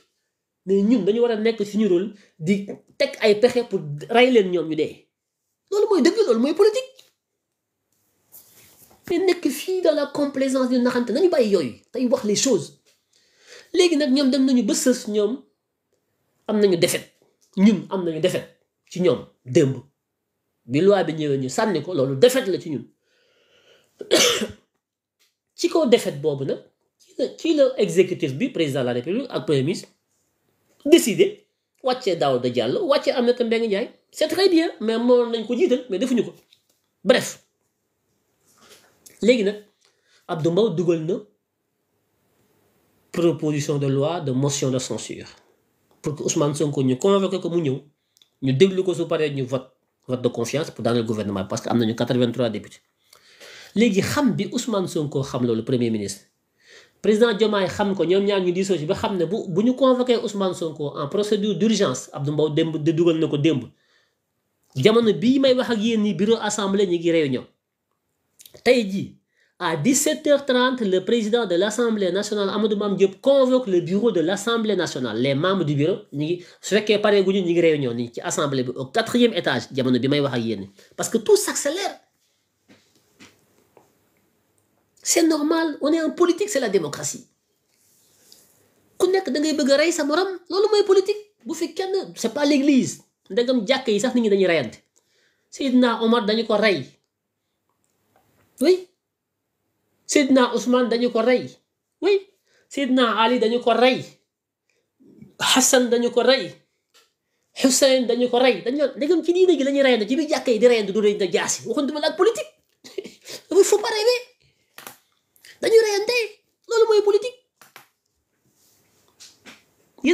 mais ñun dañu war a nekk suñu rôle di teg ay pexe pour rey leen ñoom ñu dee loolu mooy dëgg loolu mooy politique mais nekk fii dans la complaisance di naxante nañu bàyyi yooyu tey wax les choses léegi nag ñoom dem nañu ba sës ñoom am nañu defet ñun am nañu defet ci ñoom démb bi loi bi ñëwee ñu sànni ko loolu défaite la ci ñun ci kaw défaite boobu nag ci la ci la exécutif bi président de la république ak premier ministre décidé wàccee Daouda Diallo am Aminata Mbengue Ndiaye c'est très bien mais moom nañ ko jiital mais defuñu ko bref léegi nag Abdou Mbow dugal na proposition de loi de motion de censure pour que Ousmane Sonko ñu convoqué ko mu ñëw ñu déglu ko su paree ñu vote vote de confiance pour daaneel gouvernement parce que am nañu 83 députés léegi xam bi Ousmane Sonko xam loolu premier ministre président Diomaye xam ko ñoom ñaar ñu diisoo ci ba xam ne bu bu ñu convoqué Ousmane Sonko en procédure d'urgence Abdou Mbow démb de dugal na ko démb jamono bii may wax ak yéen nii bureau assemblée ñi ngi réunion tey ji À 17h30, le président de l'Assemblée nationale, Amadou Mam Diop, convoque le bureau de l'Assemblée nationale. Les membres du bureau, ce qui est pareil, nous avons réunion, l'Assemblée, au quatrième étage, parce que tout s'accélère. C'est normal, on est en politique, c'est la démocratie. ku nekk da ngay bëgg rey sa morom loolu bu fi kenn c'est pas l'église ndegam jàkk yi sax nit ñi dañuy reyante Seydina Omar dañu ko rey Seydina Ousmane dañu ko rey oui Seydina Ali dañu ko rey Hassan dañu ko rey Hussein dañu ko rey dañu naan ci diine gi la ñuy reyandoo ci biir jàkka yi di du rey na jaasi waxantuma la ak politique il faut pas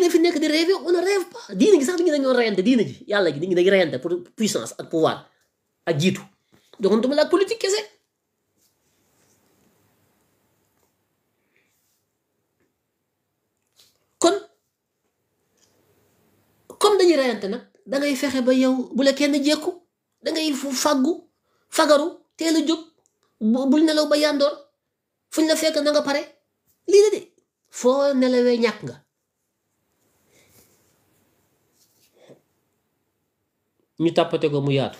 fi nekk di rêver on ne rêve pas diine gi sax dañu dañoo ji yàlla gi dañu dañuy reyante pour ak pouvoir ak jiitu waxantuma la ak politique kese. ñuy reyante nag da fexe ba yow bu la kenn jekku da ngay faggu fagaru teel a jóg bul nelaw ba yàndoor fuñ la fekk na nga pare lii la de foo nelawee ñàkk nga. ñu tàppate ko mu yaatu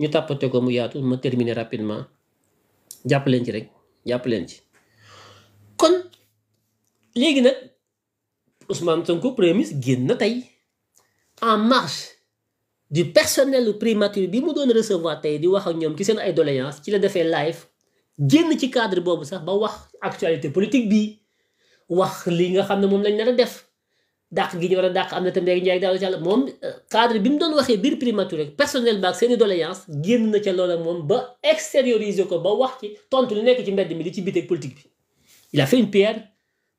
ñu tàppate ko mu yaatu ma terminer rapidement jàpp ci rek jàpp ci kon léegi nag Ousmane Sonko premier ministre génn tey. en marge du personnel primature bi mu doon recevoir tey di wax ak ñoom ci seen ay doléance ci la defee live génn ci cadre boobu sax ba wax actualité politique bi wax li nga xam ne moom lañ nar a def dàq gi ñu war a dàq am na tam léegi njaay daaw ci àll moom euh, cadre bi mu doon waxee biir primature rek personnel ba ak seen i génn na ca loola moom ba extérioriser ko ba wax ci tontu lu nekk ci mbedd mi li ci biteeg politique bi il a fait une pierre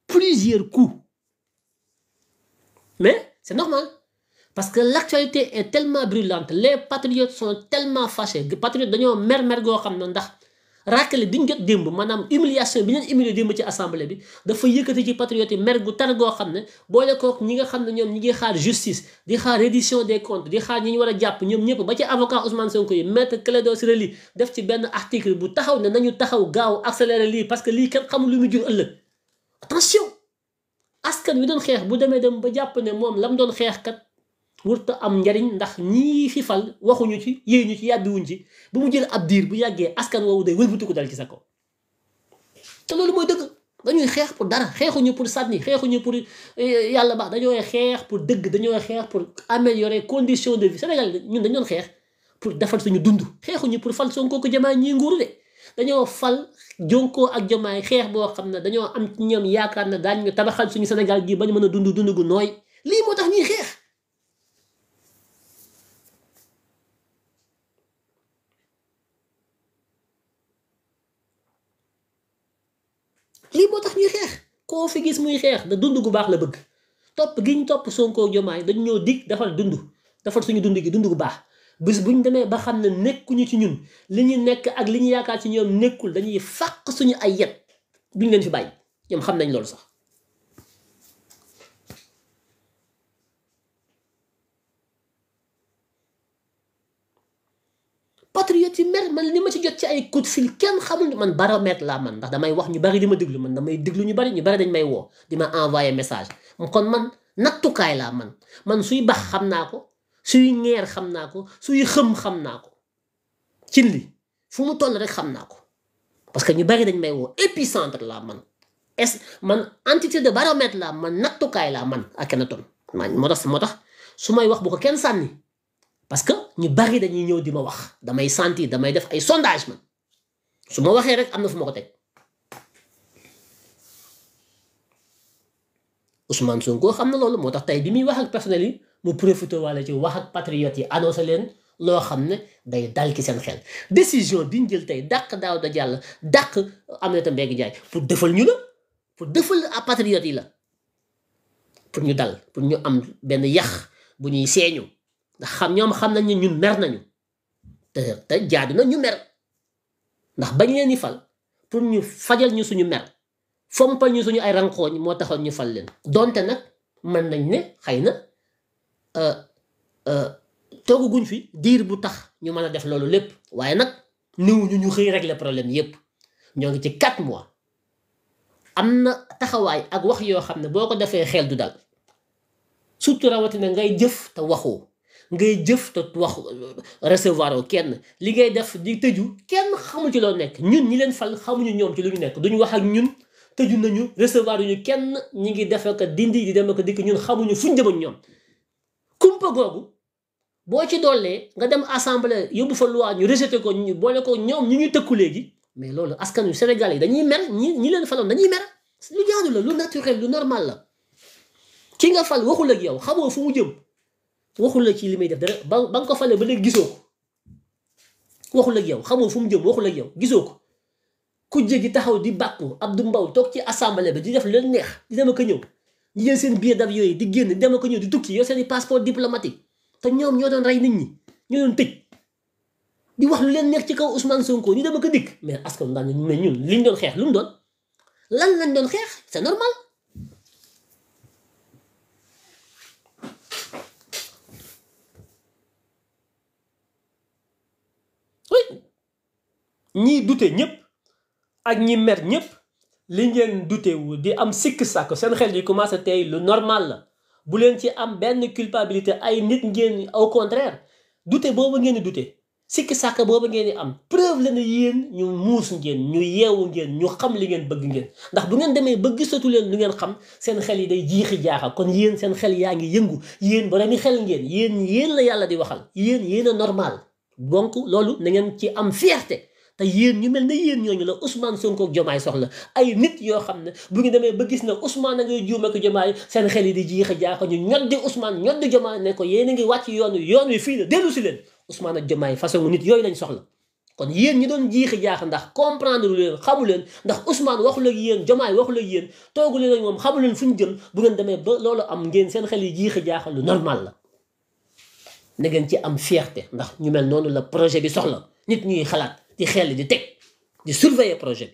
plusieurs coups parce que l'actualité est tellement brûlante les patriotes sont tellement fâchés patriotes dañoo mer mer goo xam ne ndax rakkale diñ jot démb maanaam humiliation bi ñu leen humilié démb ci assemblée bi dafa yëkkati ci patriotes yi mer gu tar goo xam ne boole kook ñi nga xam ne ñoom ñi ngi xaar justice di xaar reddition des comptes di xaar ñi ñu war a jàpp ñoom ñëpp ba ci avocat Ousmane Sonko yi maître Clédor Ciré Ly def ci benn article bu taxaw ne nañu taxaw gaaw accélérer lii parce que lii kenn xamul lu mu jur ëllëg attention doon xeex bu demee dem ba jàpp ne moom lam doon xeex kat wurta am njariñ ndax ñii fi fal waxuñu ci ñu ci yàbbiwuñ ci bu mu jël ab diir bu yàggee askan woowu day ko dal ci sa ko te loolu mooy dëgg dañuy xeex pour dara xeexuñu pour sànni xeexuñu pour eh, yàlla baax dañoo xeex pour dëgg dañoo xeex pour améliorer condition de vie Sénégal ñun dañu xeex pour defal suñu dund xeexuñu pour fal Sonko ko jamaay ñii nguuru de dañoo fal jonkoo ak jamaay xeex boo xam ne dañoo am ci ñoom yaakaar ne daañu tabaxal suñu Sénégal gi bañ mën a dund dund gu nooy lii moo tax ñuy xeex koo fi gis muy xeex da dund gu baax la bëgg topp gi ñu topp Sonko Diomaye dañu ñoo dig defal dund defal suñu dund gi dund gu baax bis bu ñu demee ba xam ne nekkuñu ci ñun li ñu nekk ak li ñu yaakaar ci ñoom nekkul dañuy fàq suñu ay yet duñ leen fi bàyyi ñoom xam nañ loolu sax. patriote yi mer man li ma ci jot ci ay coup de fil kenn xamul man baromètre laa man ndax damay wax ñu bari di ma déglu man damay déglu ñu bari ñu bari dañ may woo di ma envoyé message kon man nattukaay laa man man suy bax xam naa ko suy ñeer xam naa ko suy xëm xam naa ko cin li fu mu toll rek xam naa ko parce que ñu bari dañ may woo épicentre laa man est man entité de baromètre laa man nattukaay laa man ak Akhenaton moo tax moo tax su may wax bu ko kenn sànni parce que ñu bari dañuy ñëw di ma wax damay sentir damay def ay sondage man su ma waxee rek am na fu ma ko teg Ousmane Sonko xam na loolu moo tax tey bi muy wax ak personnel yi mu profité walla ci wax ak patriotes yi annoncé leen loo xam ne day dal ci seen xel décision bi ñu jël tey dàq daaw da jàll dàq am na tam mbéy jaay pour defal ñu la pour defal à patriotes yi la pour ñu dal pour ñu am benn yax bu ñuy seeñu ndax xam ñoom xam nañ ne ñun mer nañu te te jaadu na ñu mer ndax bañ leen di fal pour ñu fajal ñu suñu mer fompal ñu suñu ay ranqooñ moo taxoon ñu fal leen donte nag mën nañ ne xëy na euh, euh, tooguguñ fi diir bu tax ñu mën a def loolu lépp waaye nag niw ñu ñu xëy régler problème yépp ñoo ngi ci quatre mois am na taxawaay ak wax yoo xam ne boo ko defee xel du dal surtout rawatina ngay jëf te waxoo ngay jëf te wax euh, recevoir o kenn li ngay def di tëju kenn xamul ci loo nekk ñun ñi leen fal xamuñu ñoom ci lu ñu nekk duñu wax ak ñun tëju nañu recevoir ñu kenn ñi ngi def ak dindi di dem ak dikk ñun xamuñu fuñ jëm ak ñoom kumpa googu boo ci dollee nga dem assemblée yóbbu fa loi ñu rejeté ko ñu boole ko ñoom ñu ñuy tëkku léegi mais loolu askan wi Sénégal yi dañuy mer ñi ñi leen faloon dañuy mer lu jaadu la lu naturel lu normal la ki nga fal waxul ak yow xamoo fu mu jëm waxul la ci li may def dara ba ba nga ko falee ba léegi gisoo ko waxul ak yow xamul fu mu jëm waxul ak yow gisoo ko ku gi taxaw di bàkku Abdou mbaw toog ci assemblée bi di def leen neex di dem ak ñëw ñu jël seen billet d'avion yooyu di génn di dem ak a ñëw di tukki yow seen i passeport diplomatique te ñoom ñoo doon rey nit ñi ñoo doon tëj di wax lu leen neex ci kaw Ousmane Sonko ñu dem ak a dikk mais askan wi daal mais ñun liñ doon xeex lu mu doon lan lañ doon xeex ñii dute ñëpp ak ñi mer ñëpp li ngeen dutewu di am sikk sàkk seen xel yi commencé tey lu normal la bu leen ci am benn culpabilité ay nit ngeen au contraire dute boobu ngeen di dute sikk sàkk boobu ngeen di am preuve la ne yéen ñu muus ngeen ñu yeewu ngeen ñu xam li ngeen bëgg ngeen ndax bu ngeen demee ba gisatu leen lu ngeen xam seen xel yi day jiixi jaaxa kon yéen seen xel yaa ngi yëngu yéen boroomi xel ngeen yéen yéen la yàlla di waxal yéen yéen a normal donc loolu na ci am fierté te yéen ñu mel ne yéen ñooñu la Ousmane Sonko ak Jomaay soxla ay nit yoo xam ne bu ñu demee ba gis na Ousmane a ngay juum ak Jomaay seen xel yi di jiixa jaaxo ñu ñoddi Ousmane ñoddi Jomaay ne ko yéen a ngi wàcc yoon wi yoon wi fii la dellu si leen Ousmane ak Jomaay façon nit yooyu lañ soxla kon yéen ñi doon jiixi jaaxa ndax comprendre lu leen xamu leen ndax Ousmane waxul ak yéen Jomaay waxul ak yéen toogu leen moom xamu leen fu ñu jël bu ngeen demee ba loolu am ngeen seen xel yi jiixi jaaxal lu normal la na ngeen ci am fierté ndax ñu mel noonu la projet bi soxla nit ñuy xalaat di xel di teg di surveiller projet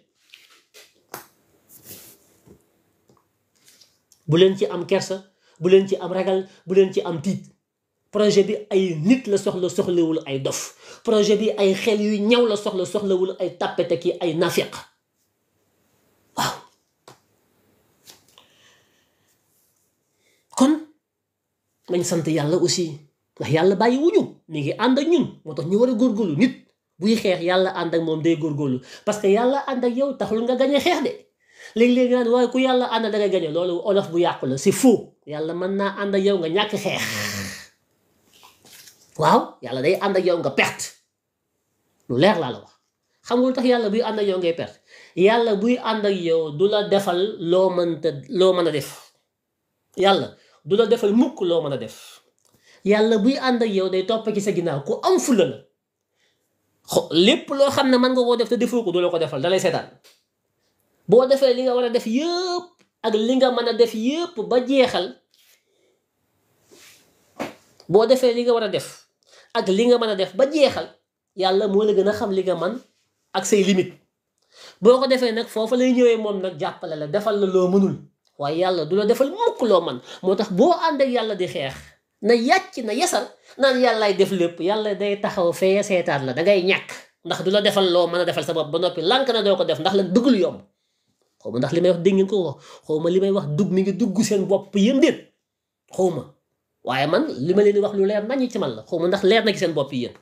bi bu leen ci am kerse bu leen ci am ragal bu leen ci am tiit projet bi ay nit la soxla soxlawul ay dof projet bi ay xel yuy ñaw la soxla soxlawul ay tàppete ki ay nafiq kon nañ sant yàlla aussi ndax yàlla bàyyi wuñu mi ngi ànd ak ñun moo tax ñu war a góorgóorlu nit buy xeex yàlla ànd ak moom day góor góorgóorlu parce que yàlla ànd ak tax taxul nga gañe xeex de léegi-léegi naan waaye ku yàlla ànd da ngay gañe loolu bu yàqu la c'est yàlla mën naa ànd ak yow nga ñàkk xeex waaw yàlla day ànd ak yow lu leer laa wax xam nga tax yàlla buy ànd ak yow ngay perte yàlla buy ànd ak yow du la defal loo mën loo mën a def yàlla du la defal mukk loo mën a def yàlla buy ànd ak yow day topp ci sa ginnaaw ku am fulla la lépp loo xam ne mën nga koo def te defoo ko du la ko defal dalay seetaan boo defee li nga war a def yëpp ak li nga mën a def yëpp ba jeexal boo defee li nga war a def ak li nga mën a def ba jeexal yàlla moo la gën a xam li nga man ak say limite boo ko defee nag foofa lay ñëwee moom nag jàppale la defal la loo mënul waaye yàlla du la defal mukk loo man moo tax boo ànd ak yàlla di xeex na yàcc na yasal naan yàllaay def lépp yàlla day taxaw fee seetaan la da ngay ñàkk ndax du la defal loo mën a defal sa bopp ba noppi lank na doo ko def ndax lan bëggul yomb xaw ndax li may wax ngeen ko wax xaw ma li may dugg mi ngi dugg seen bopp yéen déet xaw ma waaye man li ma leen di wax lu leer nañ ci man la xaw ma ndax leer na ci seen bopp yéen.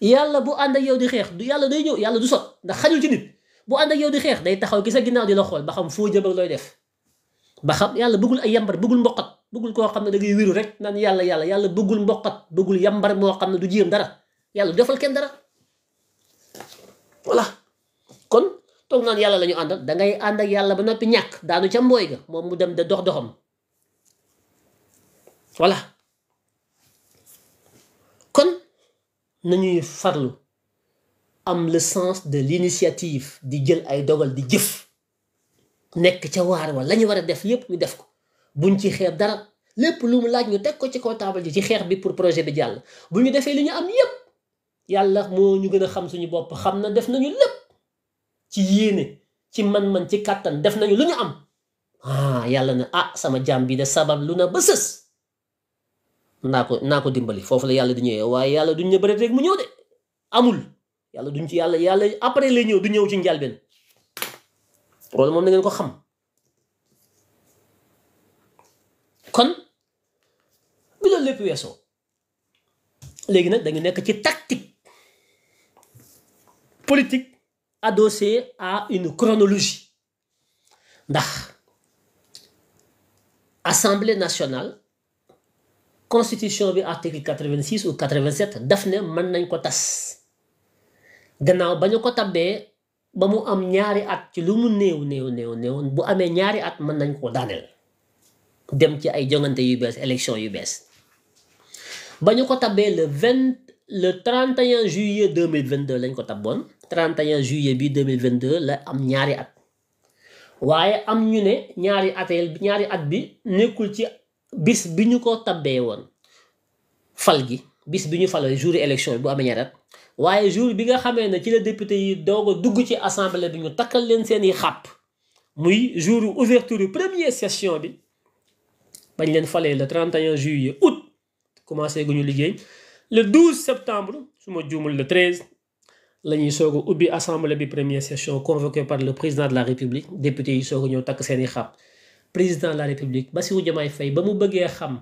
yàlla bu ànd ak yow di xeex du yàlla day ñëw yàlla du sot ndax xajul ci nit bu ànd ak yow di xeex day taxaw ki sa ginnaaw di la xool ba xam foo jëm ak looy def. ba xam yàlla bëggul ay yambar bëggul mboqat bëggul koo xam ne dangay ngay wiru rek naan yàlla yàlla yàlla bëggul mboqat bëggul yambar moo xam ne du jéem dara yàlla defal kenn dara voilà kon toog yàlla la ñu àndal da ngay ànd ak yàlla ba noppi ñàkk daanu ca ga moom mu dem de dox doxam kon nañuy farlu am le sens de l'initiative di jël ay dogal di jëf nekk ca waar wa la ñu war a def yépp ñu def ko buñ ci xeeb dara lépp lu mu laaj ñu teg ko ci kaw taabal ji ci xeex bi pour projet bi jàll bu ñu defee li ñu am yépp yàlla moo ñu gën a xam suñu bopp xam na def nañu ci yéene ci man-man ci kàttan def nañu lu ñu am ah yàlla na ah sama jaam bi de sabab lu na ba sës naa ko naa ko dimbali foofu la yàlla di ñëwee waaye yàlla duñ ne bëreet rek mu ñëw de amul yàlla duñ ci yàlla yàlla après lay ñëw du ñëw ci njalbeen loolu moom na ngeen ko xam kon bi loolu lépp weesoo léegi nag dañu nekk ci tactique politique adossée a une chronologie ndax assemblée nationale constitution bi article 86 ou 87 daf ne mën nañ ko tas gannaaw ba ñu ko tabbee ba mu am ñaari at ci lu mu néew néew néew néew bu amee ñaari at mën nañ koo daaneel dem ci ay jongante yu bees élection yu bees ba ñu ko tabbee le vingt le 31 juillet 2022 lañ ko tabboon 31 juillet bi 2022 la am ñaari at waaye am ñu ne ñaari ateel ñaari at bi nekkul ci bis bi ñu ko tabbee woon fal gi bis bi ñu falee jour élection bi bu amee ñaari at waaye jour bi nga xamee ne ci la député yi doog a dugg ci assemblée bi ñu takkal leen seeni i muy jour ouverture yu première session bi bañ leen falee le 31 juillet août commencé gu ñu liggéey le 12 septembre su ma juumul le 13 la ñuy soog a ubbi assemblée bi première session convoquée par le président de la république député yi soog a ñëw takk seen i xàpp président de la république Bassirou Diomaye fay ba mu bëggee xam.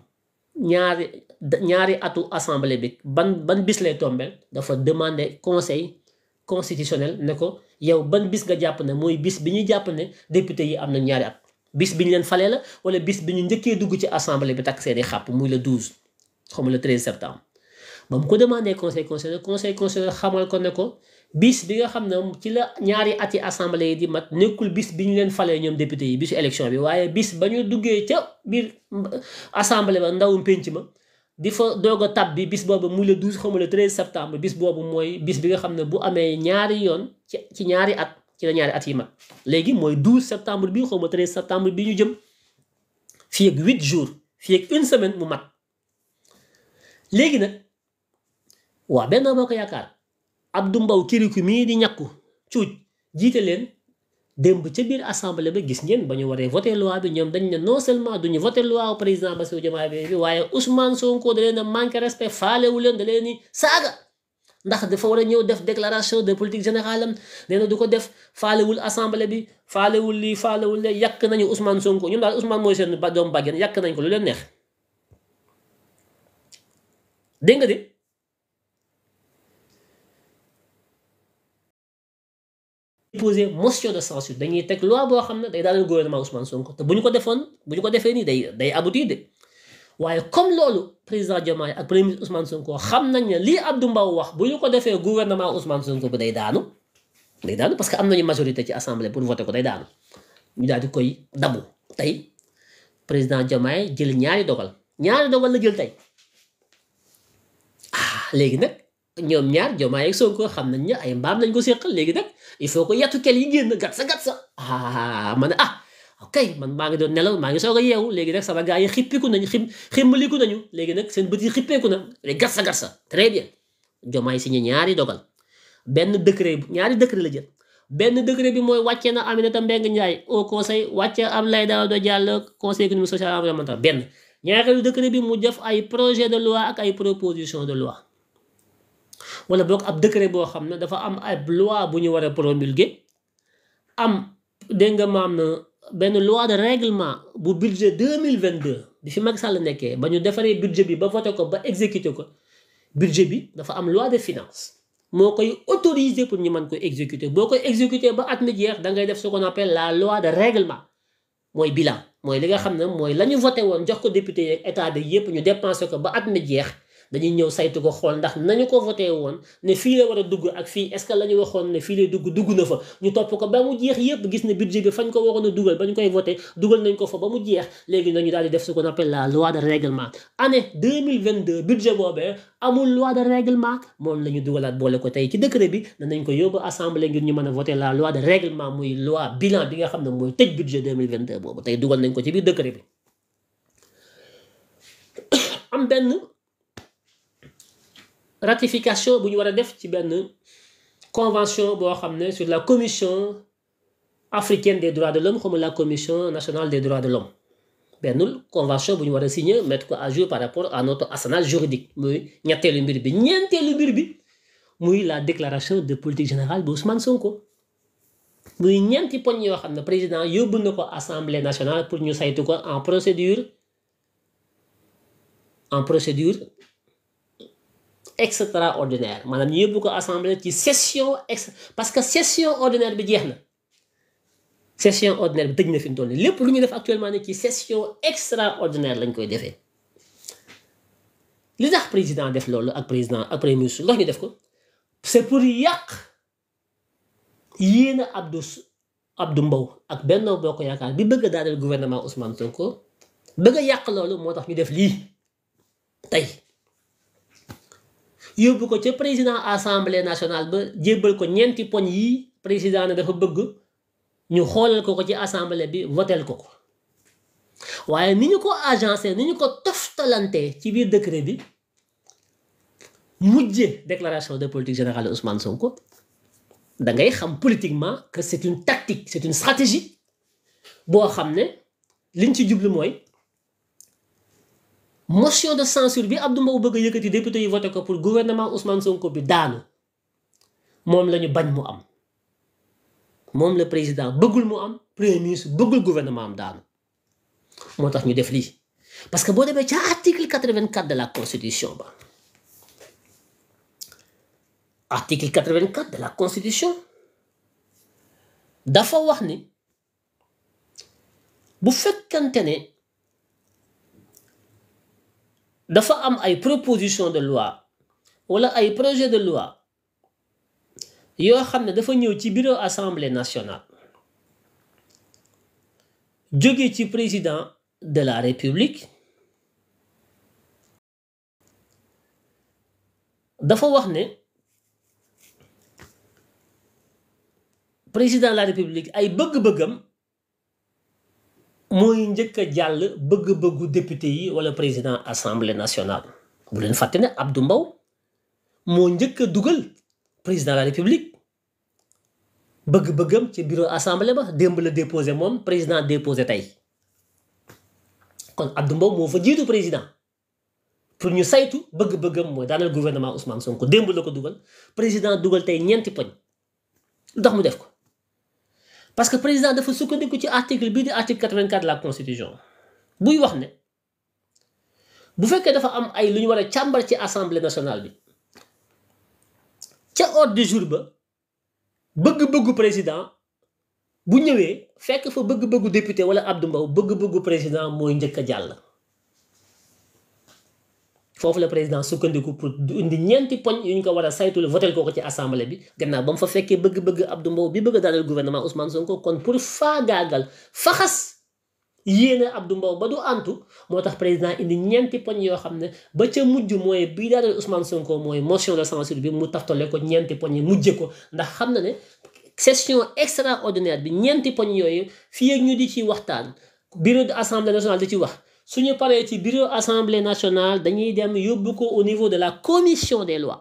ñaari ñaari atu assemblée bi ban ban bis lay tombeel dafa demande conseil constitutionnel ne ko yow ban bis nga jàpp ne mooy bis bi ñuy jàpp ne député yi am na ñaari at bis bi ñu leen falee la wala bis bi ñu njëkkee dugg ci assemblée bi takk seeni xàpp muy le 12 xamu le 13 septembre ba mu ko demandé conseil constitutionnel conseil constitutionnel xamal ko ne ko bis bi nga xam ne ci la ñaari at ati assemblée yi di mat nekkul bis bi ñu leen falee ñoom député yi bisu élection bi waaye bis ba ñu duggee ca biir assemblée ba ndawum pénc ma di fa doog tab bi bis boobu mu le 12 xaw ma septembre bis boobu mooy bis bi nga xam ne bu amee ñaari yoon ci ci ñaari at ci la ñaari at yi mat léegi mooy 12 septembre bi xaw ma 13 septembre bi ñu jëm fii ak 8 jours fii ak une semaine mu mat léegi nag waa Benno Bokk Yaakaar. ab du mbaw Kirikou mii di ñakku cuuj jiite leen démb ca biir assemblée ba gis ngeen ba ñu waree voté loi bi ñoom dañ ne non seulement duñu voté loi au président Bassirou Diomaye bi waaye Ousmane Sonko da leen a manqué respect faalewu leen da leen ni saaga ndax dafa war a ñëw def déclaration de politique générale am nee du ko def faalewul assemblée bi faalewul lii faalewul lee yàq nañu Ousmane Sonko ñun daal Ousmane mooy seen ba bàjjen yàq nañ ko lu leen neex dégg nga poser motion de censure dañuy teg loi boo xam ne day daal gouvernement Ousmane Sonko te bu ñu ko defoon bu ñu defee nii day day aboutir de waaye comme loolu président Diomaye ak premier ministre Ousmane Sonko xam nañ ne lii Abdou Mbow wax bu ñu ko defee gouvernement Ousmane Sonko bi day daanu day daanu parce que am nañu majorité ci assemblée pour voter ko day daanu ñu daal di koy dabu tey président Diomaye jël ñaari dogal ñaari dogal la jël tey ah, ñoom ñaar Diomaye ak Sonko xam na ne ay mbaam lañ ko séqal léegi nag il faut que yatu kel yi génn gat sa sa ah ma ne ah ok man maa ngi doon nelaw maa ngi soog a yeewu léegi nag sama gars yi xippiku nañu xim ximmaliku nañu léegi nag seen bët yi xippeeku na gat sa gat sa très bien Diomaye signé ñaari dogal benn décret ñaari décret la jël benn décret bi mooy wàccee na Aminata Mbengue Ndiaye au conseil wàccee Abdoulaye Daouda Diallo conseil économique social environnemental benn ñaareelu décret bi mu def ay projet de loi ak ay proposition de loi wala boog ab décret boo xam ne dafa am ab loi bu ñu war a promulguer am dégg nga maam benn loi de règlement bu budget deux mille vingt deux bi fi Macky Sall nekkee ba ñu defaree budget bi ba voté ko ba exécuté ko budget bi dafa am loi de finance moo koy autorisé pour ñu mën ko exécuter boo koy exécuter ba at mi jeex da ngay def ce qu'on appelle la loi de règlement mooy bilan mooy li nga xam ne mooy la ñu voté woon jox ko député yeeg état bi yëpp ñu dépensé ko ba at mi jeex. dañuy ñëw saytu ko xool ndax nañu ko voté woon ne fii la war a dugg ak fii est-ce que la ñu waxoon ne fii lay dugg dugg na fa ñu topp ko ba mu jeex yépp ne budget bi ko waroon a dugal ba ñu koy voté dugal nañ ko fa ba mu jeex léegi nañu daal di def ce qu'on appelle la loi de règlement année 2022 budget moom la ñu dugalaat boole ko tey ci décret bi danañ ko yóbbu assemblée ngir ñu mën a voté la loi de règlement muy loi xam ne mooy tëj budget 2022 boobu tey dugal nañ ko ci biir décret bi am benn ratification bu ñu war a def ci benn convention boo xam ne sur la commission africaine de droits de l'homme comme la commission nationale de droits de l'homme benn convention bu ñu war a signer mettre ko à jour par rapport à notre arsenal juridique muy ñetteelu mbir bi ñeenteelu mbir bi muy la déclaration de politique générale bu Ousmane ko muy ñeenti poñ yoo xam ne président yóbbu na ko assemblée nationale pour ñu saytu ko en procédure en procédure extraordinaire maanaam ñu yóbbu ko assemblée ci session ex parce que session ordinaire bi jeex na session ordinaire bi tëj na fi mu toll nii lépp lu ñu def actuellement ni ci session extraordinaire lañ koy defee li tax président def loolu ak président ak premier ministre ndox ñu def ko c'est pour yàq yéen a Abdou Abdou Mbow ak Benno Bokk Yaakaar bi bëgg a daaneel gouvernement Ousmane Sonko bëgg a yàq loolu moo tax ñu def lii tey yóbbu ko ca président assemblée nationale ba jébbal ko ñeenti poñ yi président na dafa bëgg ñu xoolal ko ko ci assemblée bi votel ko ko waaye ni ñu ko agencé ni ñu ko toftalantee ci biir décret bi mujjee déclaration de politique générale Ousmane Sonko da ngay xam politiquement que c'est une tactique c'est une stratégie boo xam ne liñ ci jublu mooy motion de censure bi Abdou Mbow bëgg yëkkati député yi voté ko pour gouvernement Ousmane Sonko bi daanu moom la bañ mu am moom la président bëggul mu am premier ministre bëggul gouvernement am daanu moo tax ñu def lii. parce que boo demee ca article quatre-vingt-quatre de la constitution ba article quatre vingt de la constitution dafa wax ni bu fekkante ne. dafa am ay proposition de loi wala ay projet de loi yoo xam ne dafa ñëw ci bureau assemblée nationale jóge ci président de la république dafa wax ne président de la république ay bëgg-bëggam mooy njëkk a jàll bëgg-bëggu député yi wala président assemblée national bu leen fàtte ne Abdou Mbow moo njëkk dugal président de la république bëgg-bëggam ci bureau assemblée ba démb la déposé moom président déposé tey kon Abdou Mbow moo fa jiitu président pour ñu saytu bëgg-bëggam mooy daaneel gouvernement Ousmane Sonko démb la ko dugal président dugal tey ñeenti poñ lu tax mu def ko. parce que président dafa sukkandiku ci article bi di article 84 de la constitution buy wax ne bu fekkee dafa am ay lu ñu war a càmbar ci assemblée nationale bi ca ordre du jour ba bëgg-bëggu président bu ñëwee fekk fa bëgg-bëggu député wala Abdou Mbow bëgg-bëggu président mooy njëkk a jàll. foofu la président sukkandiku pour indi ñeenti poñ yu ñu ko war a saytul votel ko ko ci assemblée bi gannaaw ba mu fa fekkee bëgg-bëgg Abdou Mbow bi bëgg a daaneel gouvernement Ousmane Sonko kon pour faagaagal faxas yéene Abdou Mbow ba du antu moo tax président indi ñeenti poñ yoo xam ne ba ca mujj mooy bii daaneel Ousmane Sonko mooy motion de censure bi mu ko ñeenti poñ yi mujje ko ndax xam na ne session extraordinaire bi ñeenti poñ yooyu fii ak ñu di ci waxtaan bureau de assemblée nationale di ci wax. suñu paree ci bureau assemblée nationale dañuy dem yóbbu ko au niveau de la commission de lois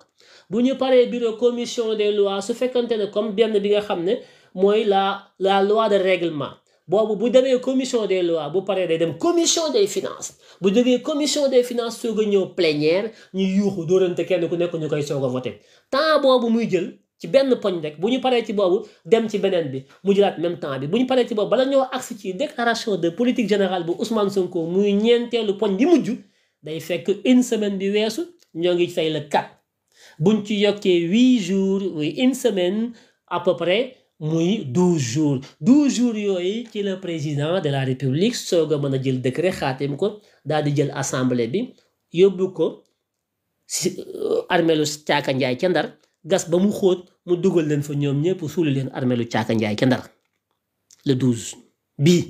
bu ñu paree bureau commission des lois su fekkante ne comme benn bi nga xam ne mooy la la loi de règlement boobu bu demee commission des lois bu paree day dem commission des finances bu jógee commission des finance soog a ñëw plénière ñu yuuxu dóorante kenn ku nekk ñu koy soo ko voté temps boobu muy jël. ci benn poñ rek bu ñu paree ci boobu dem ci beneen bi mu jëlaat même temps bi bu ñu paree ci boobu bala ñoo agsi ci déclaration de politique générale bu Ousmane Sonko muy ñeenteelu poñ bi mujj day fekk une semaine bi weesu ñoo ngi fay le 4 buñ ci yokkee huit jours oui une semaine à peu près muy douze jours douze jours yooyu ci le président de la république soog a mën a jël décret xaatim ko daal di jël assemblée bi yóbbu ko si euh, armeelu Caaka ca Ndar mu dugal leen fa ñoom ñëpp suuli leen armée lu caaka njaay ca ndar le 12 bii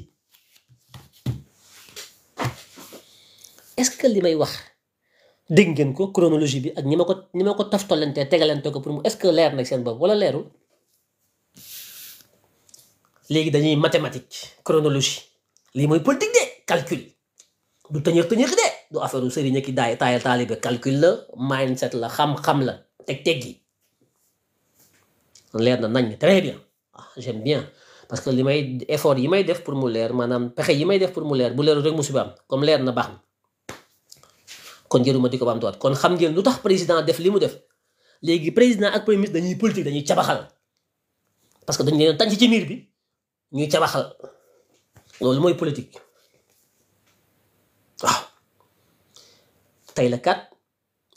est-ce que li may wax dégg ngeen ko chronologie bi ak ñi ma ko ñi ma ko taftalantee tegalante ko pour mu est-ce que leer nag seen bopp wala leerul léegi dañuy mathématique chronologie lii mooy politique de calcul du tëñëx tëñëx de du affaire u sëriñ ak daay taayal taalibe calcul la mindset la xam-xam la teg-teg yi leer na nañ très bien ah j'aime bien parce que li may effort yi may def pour mu leer maanaam pexe yi may def pour mu leer bu leerul rek musiba am comme leer na baax na kon jëruma di ko baamtuwaat kon xam ngeen lu tax président def li mu def léegi président ak premier ministre dañuy politique dañuy cabaxal parce que dañ leen tànc ci miir bi ñuy cabaxal loolu mooy politique waaw tey la kat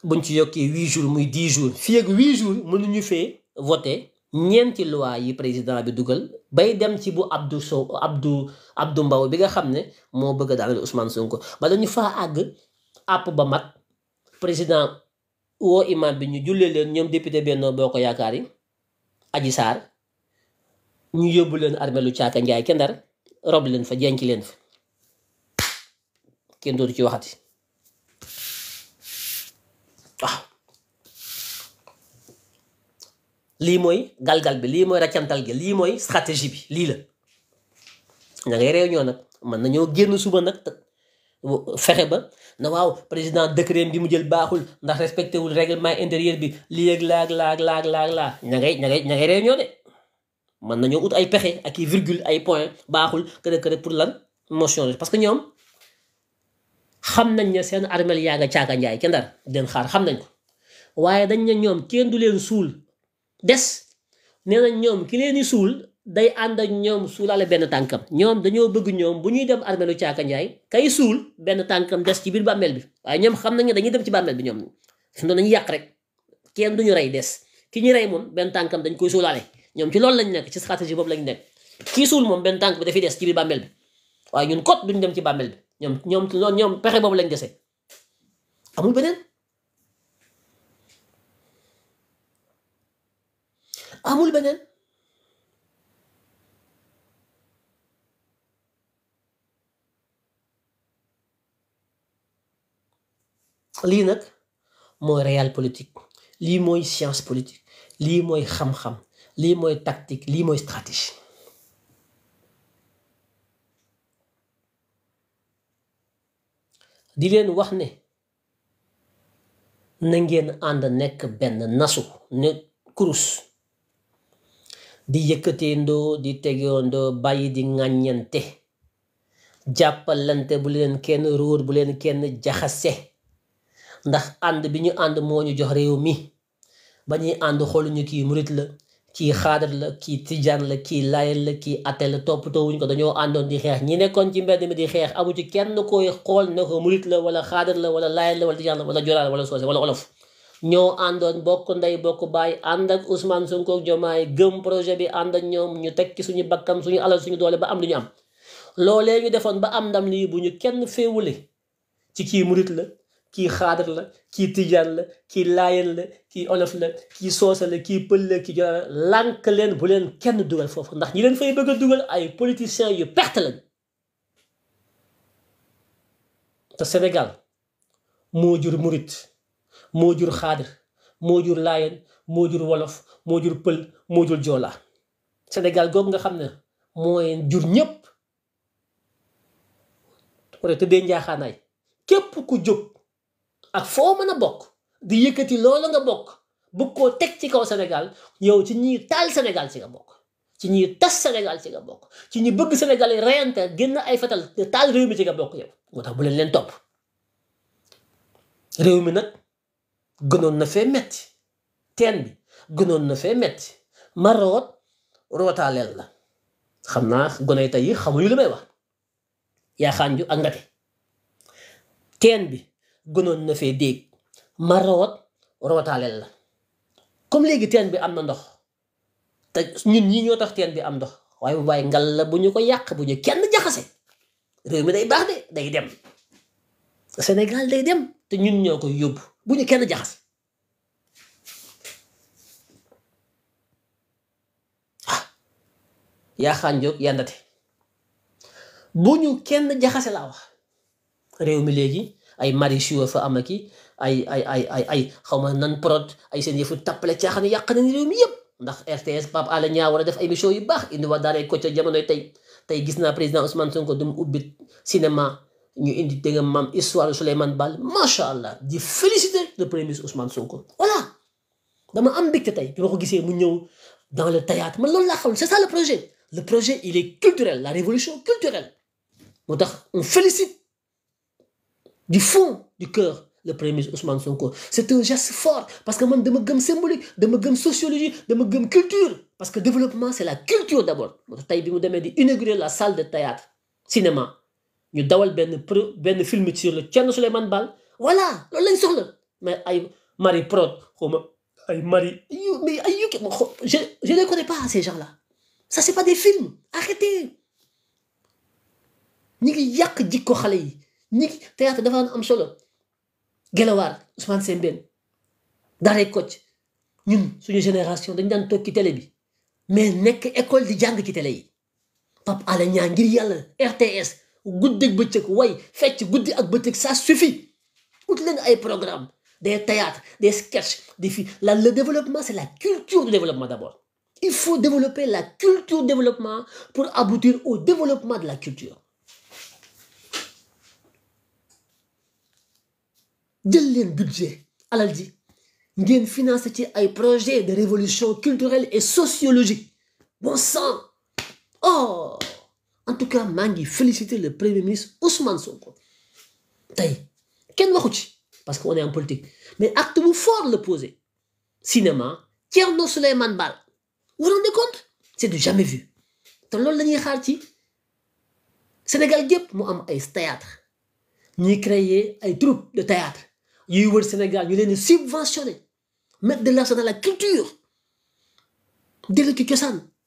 buñ ci yokkee huit jours muy dix jours fii ak huit jours mënuñu fee voter ñeenti loi yi président bi dugal bay dem ci bu Abdou Sow Abdou Abdou Mbow bi nga xam ne moo bëgg a daaneel Ousmane ko ba dañu faa àgg àpp ba mag président woo imam bi ñu jullee leen ñoom député Benno Bokk Yaakaar yi Adji Sarr ñu yóbbu leen armée lu caaka njaay dar rob leen fa jenc leen fa kenn dootu ci waxati lii mooy galgal bi lii mooy raccantal gi lii mooy stratégie bi lii la ña ngay réunion nag mën nañoo génn suba nag fexe ba na waaw président décret bi mu jël baaxul ndax respecté wul règlement intérieur bi lii ak laag laag laa laag laag ña ngay ña ngay ña ngay réunion de mën nañoo ut ay pexe ak i virgule ay point baaxul kërë kër pour lan motion parce que ñoom xam nañ ne seen armel yaa nga caaka njaay ca ndar den xaar xam nañ ko waaye dañ ne ñoom des nee ñoom ki leen di suul day ànd ak ñoom suulaale benn tànkam ñoom dañoo bëgg ñoom bu ñuy dem armeelu caaka njaay kay suul benn tànkam des ci biir bàmmeel bi waaye ñoom xam nañ dañuy dem ci bàmmeel bi ñoom su doon dañuy yàq rek kenn duñu rey des ki ñu rey moom benn tànkam dañ koy suulaale ñoom ci loolu lañ nekk ci stratégie boobu lañ nekk kii moom benn tànk bi dafiy des ci biir bàmmeel bi waaye ñun kot duñ dem ci bàmmeel bi ñoom ñoom loolu ñoom pexe boobu lañ dese amul beneen amul beneen lii nag mooy réyal politique lii mooy science politik lii mooy xam-xam lii mooy tactique lii mooy stratégie di leen wax ne na ngeen ànd nekk benn nasu ne kurus di yëkkateendoo di tegeendoo bàyyi di ŋàññante jàppalante bu leen kenn ruur bu leen kenn jaxase ndax ànd bi ñu ànd moo ñu jox réew mi ba ñuy ànd xooluñu kii murit la kii xaadar la kii tijaan la kii laayal la kii ate la toppatoo wuñ ko dañoo àndoon di xeex ñi nekkoon ci mbedd mi di xeex amu ci kenn koy xool ne ko murit la wala xaadar la wala laayal la wala tijaan la wala joraal wala soose wala olof ñoo àndoon bokk ndey bokk baay ànd ak Ousmane Sonko ak Diomaye gëm projet bi ànd ak ñoom ñu teg ci suñu bakkan suñu alal suñu doole ba am lu ñu am. loolee ñu defoon ba am ndam lii bu ñu kenn féewule ci kii murit la kii xaadar la kii tijaan la kii laayen la kii olof la kii soosa la kii pël la kii jola lànk leen bu leen kenn dugal foofu ndax ñi leen fay bëgg a dugal ay politiciens yu perte lañ te Sénégal moo jur murit moo jur xaadir moo jur laayeen moo jur wolof moo jur pël moo jur joola senegal googu nga xam ne mooy jur ñëpp wala tëddee njaaxaanaay képp ku jóg ak foo mën a bokk di yëkkati loola nga bokk bëgg koo teg ci kaw senegal yow ci ñiy taal senegal ci nga bokk ci ñiy tas Sénégal ci nga bokk ci ñi bëgg Sénégal yi reyante génn ay fetal taal réew mi ci nga bokk yow moo tax bu leen leen topp réew mi nag. gënoon na fee metti teen bi gënoon na fee metti ma root rootaaleel la xam naa goney tey yi xamuñu li may wax yaa ju ak ngate teen bi gënoon na fee déeg ma root rootaaleel la comme léegi teen bi am na ndox te ñun ñi ñoo tax teen bi am ndox waaye waaye ngal la bu ñu ko yàq bu ñu kenn jaxase réew mi day baax de day dem Sénégal day dem te ñun ñoo koy yóbbu bu ñu kenn jaxase ah yaa xànjoog yàndate bu ñu kenn jaxase laa wax réew mi léegi ay marichua fa am ki ay ay ay ay ay xaw ma nan prod ay seen yëfu tappale caaxaan yàq nañ réew mi yëpp ndax RTS Pape Alé Niang war a def émission yu baax indi waa daaree ko ca jamonoy tey tey gis naa président Ousmane Sonko du mu ubbi cinéma ñu indi dégg mam histoire Souleymane Bal macha allah di féliciter le premier ministre Ousmane Sonko voilà dama am mbégte tey bi ma ko gisee mu ñëw dans le théâtre man loolu laa xam c'est ça le projet le projet il est culturel la révolution culturelle moo tax on félicite du fond du cœur le premier ministre Ousmane Sonko c'est un geste fort parce que man dama gëm symbolique dama gëm sociologie dama gëm culture parce que développement c'est la culture d'abord moo bi mu demee di inaugurer la salle de théâtre cinéma ñu dawal benn pro benn film sur le Thierno Souleymane Baal voilà loolu lañ soxla mais ay Marie Prod xaw ma ay Marie yu mais ay yu je je ne connais pas ces gens là ça c'est pas des films arrêtez ñi ngi jikko xale yi ñi ngi théâtre dafa am solo Gelawaar Ousmane Sembène Daaray Kocc ñun suñu génération dañ daan toog ci télé bi mais nekk école di jàng ci télé yi Pape Alé Niang RTS guddeeg bëccëg way fecc guddi ak bëccëg ça suffit ut leen ay programme des théâtres des sketchs des films la le développement c'est la culture du développement d'abord il faut développer la culture développement pour aboutir au développement de la culture jël leen budget alal ji ngeen financer ci ay projet de révolution culturelle et sociologique bon sang oh en tout cas maa ngi féliciter le premier ministre Ousmane Sonko tey kenn waxu ci parce que on est en politique mais acte bu fort la posé cinéma Thierno Souleymane Baal vous vous rendez compte c'est du jamais vu te loolu la ñuy xaar ci Sénégal gépp mu am ay théâtre ñuy créer ay troupe de théâtre yuy wër Sénégal ñu leen di mettre de l'argent dans la culture dellu ci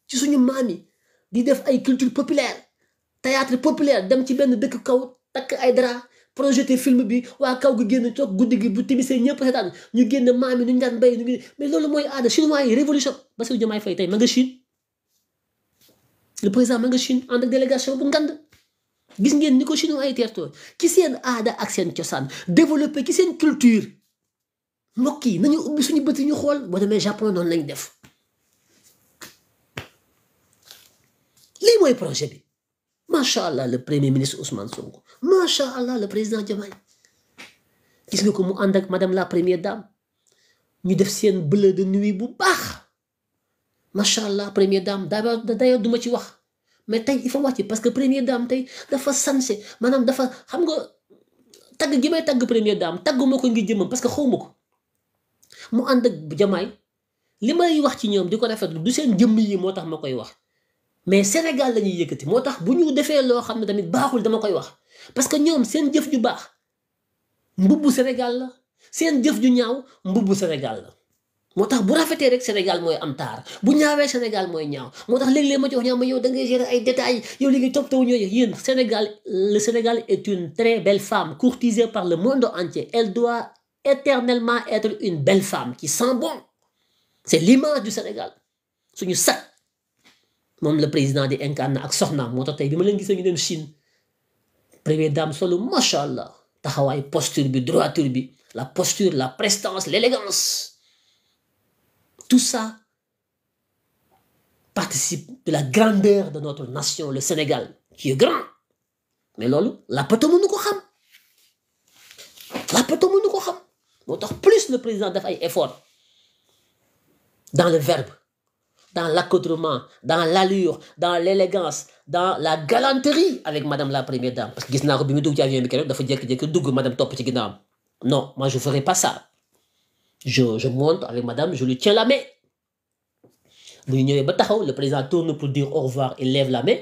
ci suñu maam yi di def ay culture populaire théâtre populaire dem ci benn dëkk kaw takk ay dara projeté film bi waa kaw gu génn toog guddi gi bu timisee ñëpp seetaan ñu génn maam yi nu ñu daan béy nu mais loolu mooy aada chinois yi révolution Bassirou Diomaye Faye tey ma nga Chine le président ma nga Chine ànd ak délégation bu ngand gis ngeen ni ko chinois yi teertoo ci seen aada ak seen cosaan développé ki seen culture mbokk yi nañu ubbi suñu bët yi ñu xool boo demee Japon noonu lañ def lii mooy projet bi macha allah le premier ministre Ousmane Sonko macha allah le président Diomaye nga ko mu ànd ak madame la première dame ñu def seen bleu de nuit bu baax macha allah première daa d'ailleurs duma ci wax mais tey il faut wax ci parce que première dame tey dafa sanse maanaam dafa xam nga tag gi may tagg première dame tagguma ko ngi jëmmam parce que xaw ma ko mu ànd ak Diomaye li may wax ci ñoom di ko rafetlu du seen jëmm yi moo tax ma koy wax mais Sénégal la ñuy yëkkati moo tax bu ñu defee loo xam ne tamit baaxul dama koy wax parce que ñoom seen jëf ju baax mbubbu Sénégal la seen jëf ju ñaaw mbubbu Sénégal la moo tax bu rafetee rek Sénégal mooy am taar bu ñaawee Sénégal mooy ñaaw moo tax léeg-léeg ma ci wax ñaaw ma yow da ngay gérer ay détails yow li ngay toppatoo ñooy yéen Sénégal le Sénégal est une très belle femme courtisée par le monde entier elle doit éternellement être une belle femme ci sent bon c'est l'image du Sénégal suñu moom la président di incarné ak soxnaam moo tax tey bi ma leen gisee ñu dem Chine première dame solo macha allah taxawaay posture bi droiture bi la posture la prestance l'élégance tout ça participe de la grandeur de notre nation le Sénégal qui est grand mais loolu la mënu ko xam làppato mënu ko xam moo tax plus le président def ay effort dans le verbe dans l'accaudrement, dans l'allure, dans l'élégance, dans la galanterie avec Madame la Première Dame. Parce que gis naa ko bi mu dugg ci avion bi keroog dafa jékki-jékki dugg Madame topp ci ginnaawam non moi je ferai pas ça je je monte avec Madame je lui tiens la main bu ñu ñëwee ba taxaw le président tourne pour dire au revoir il lève la main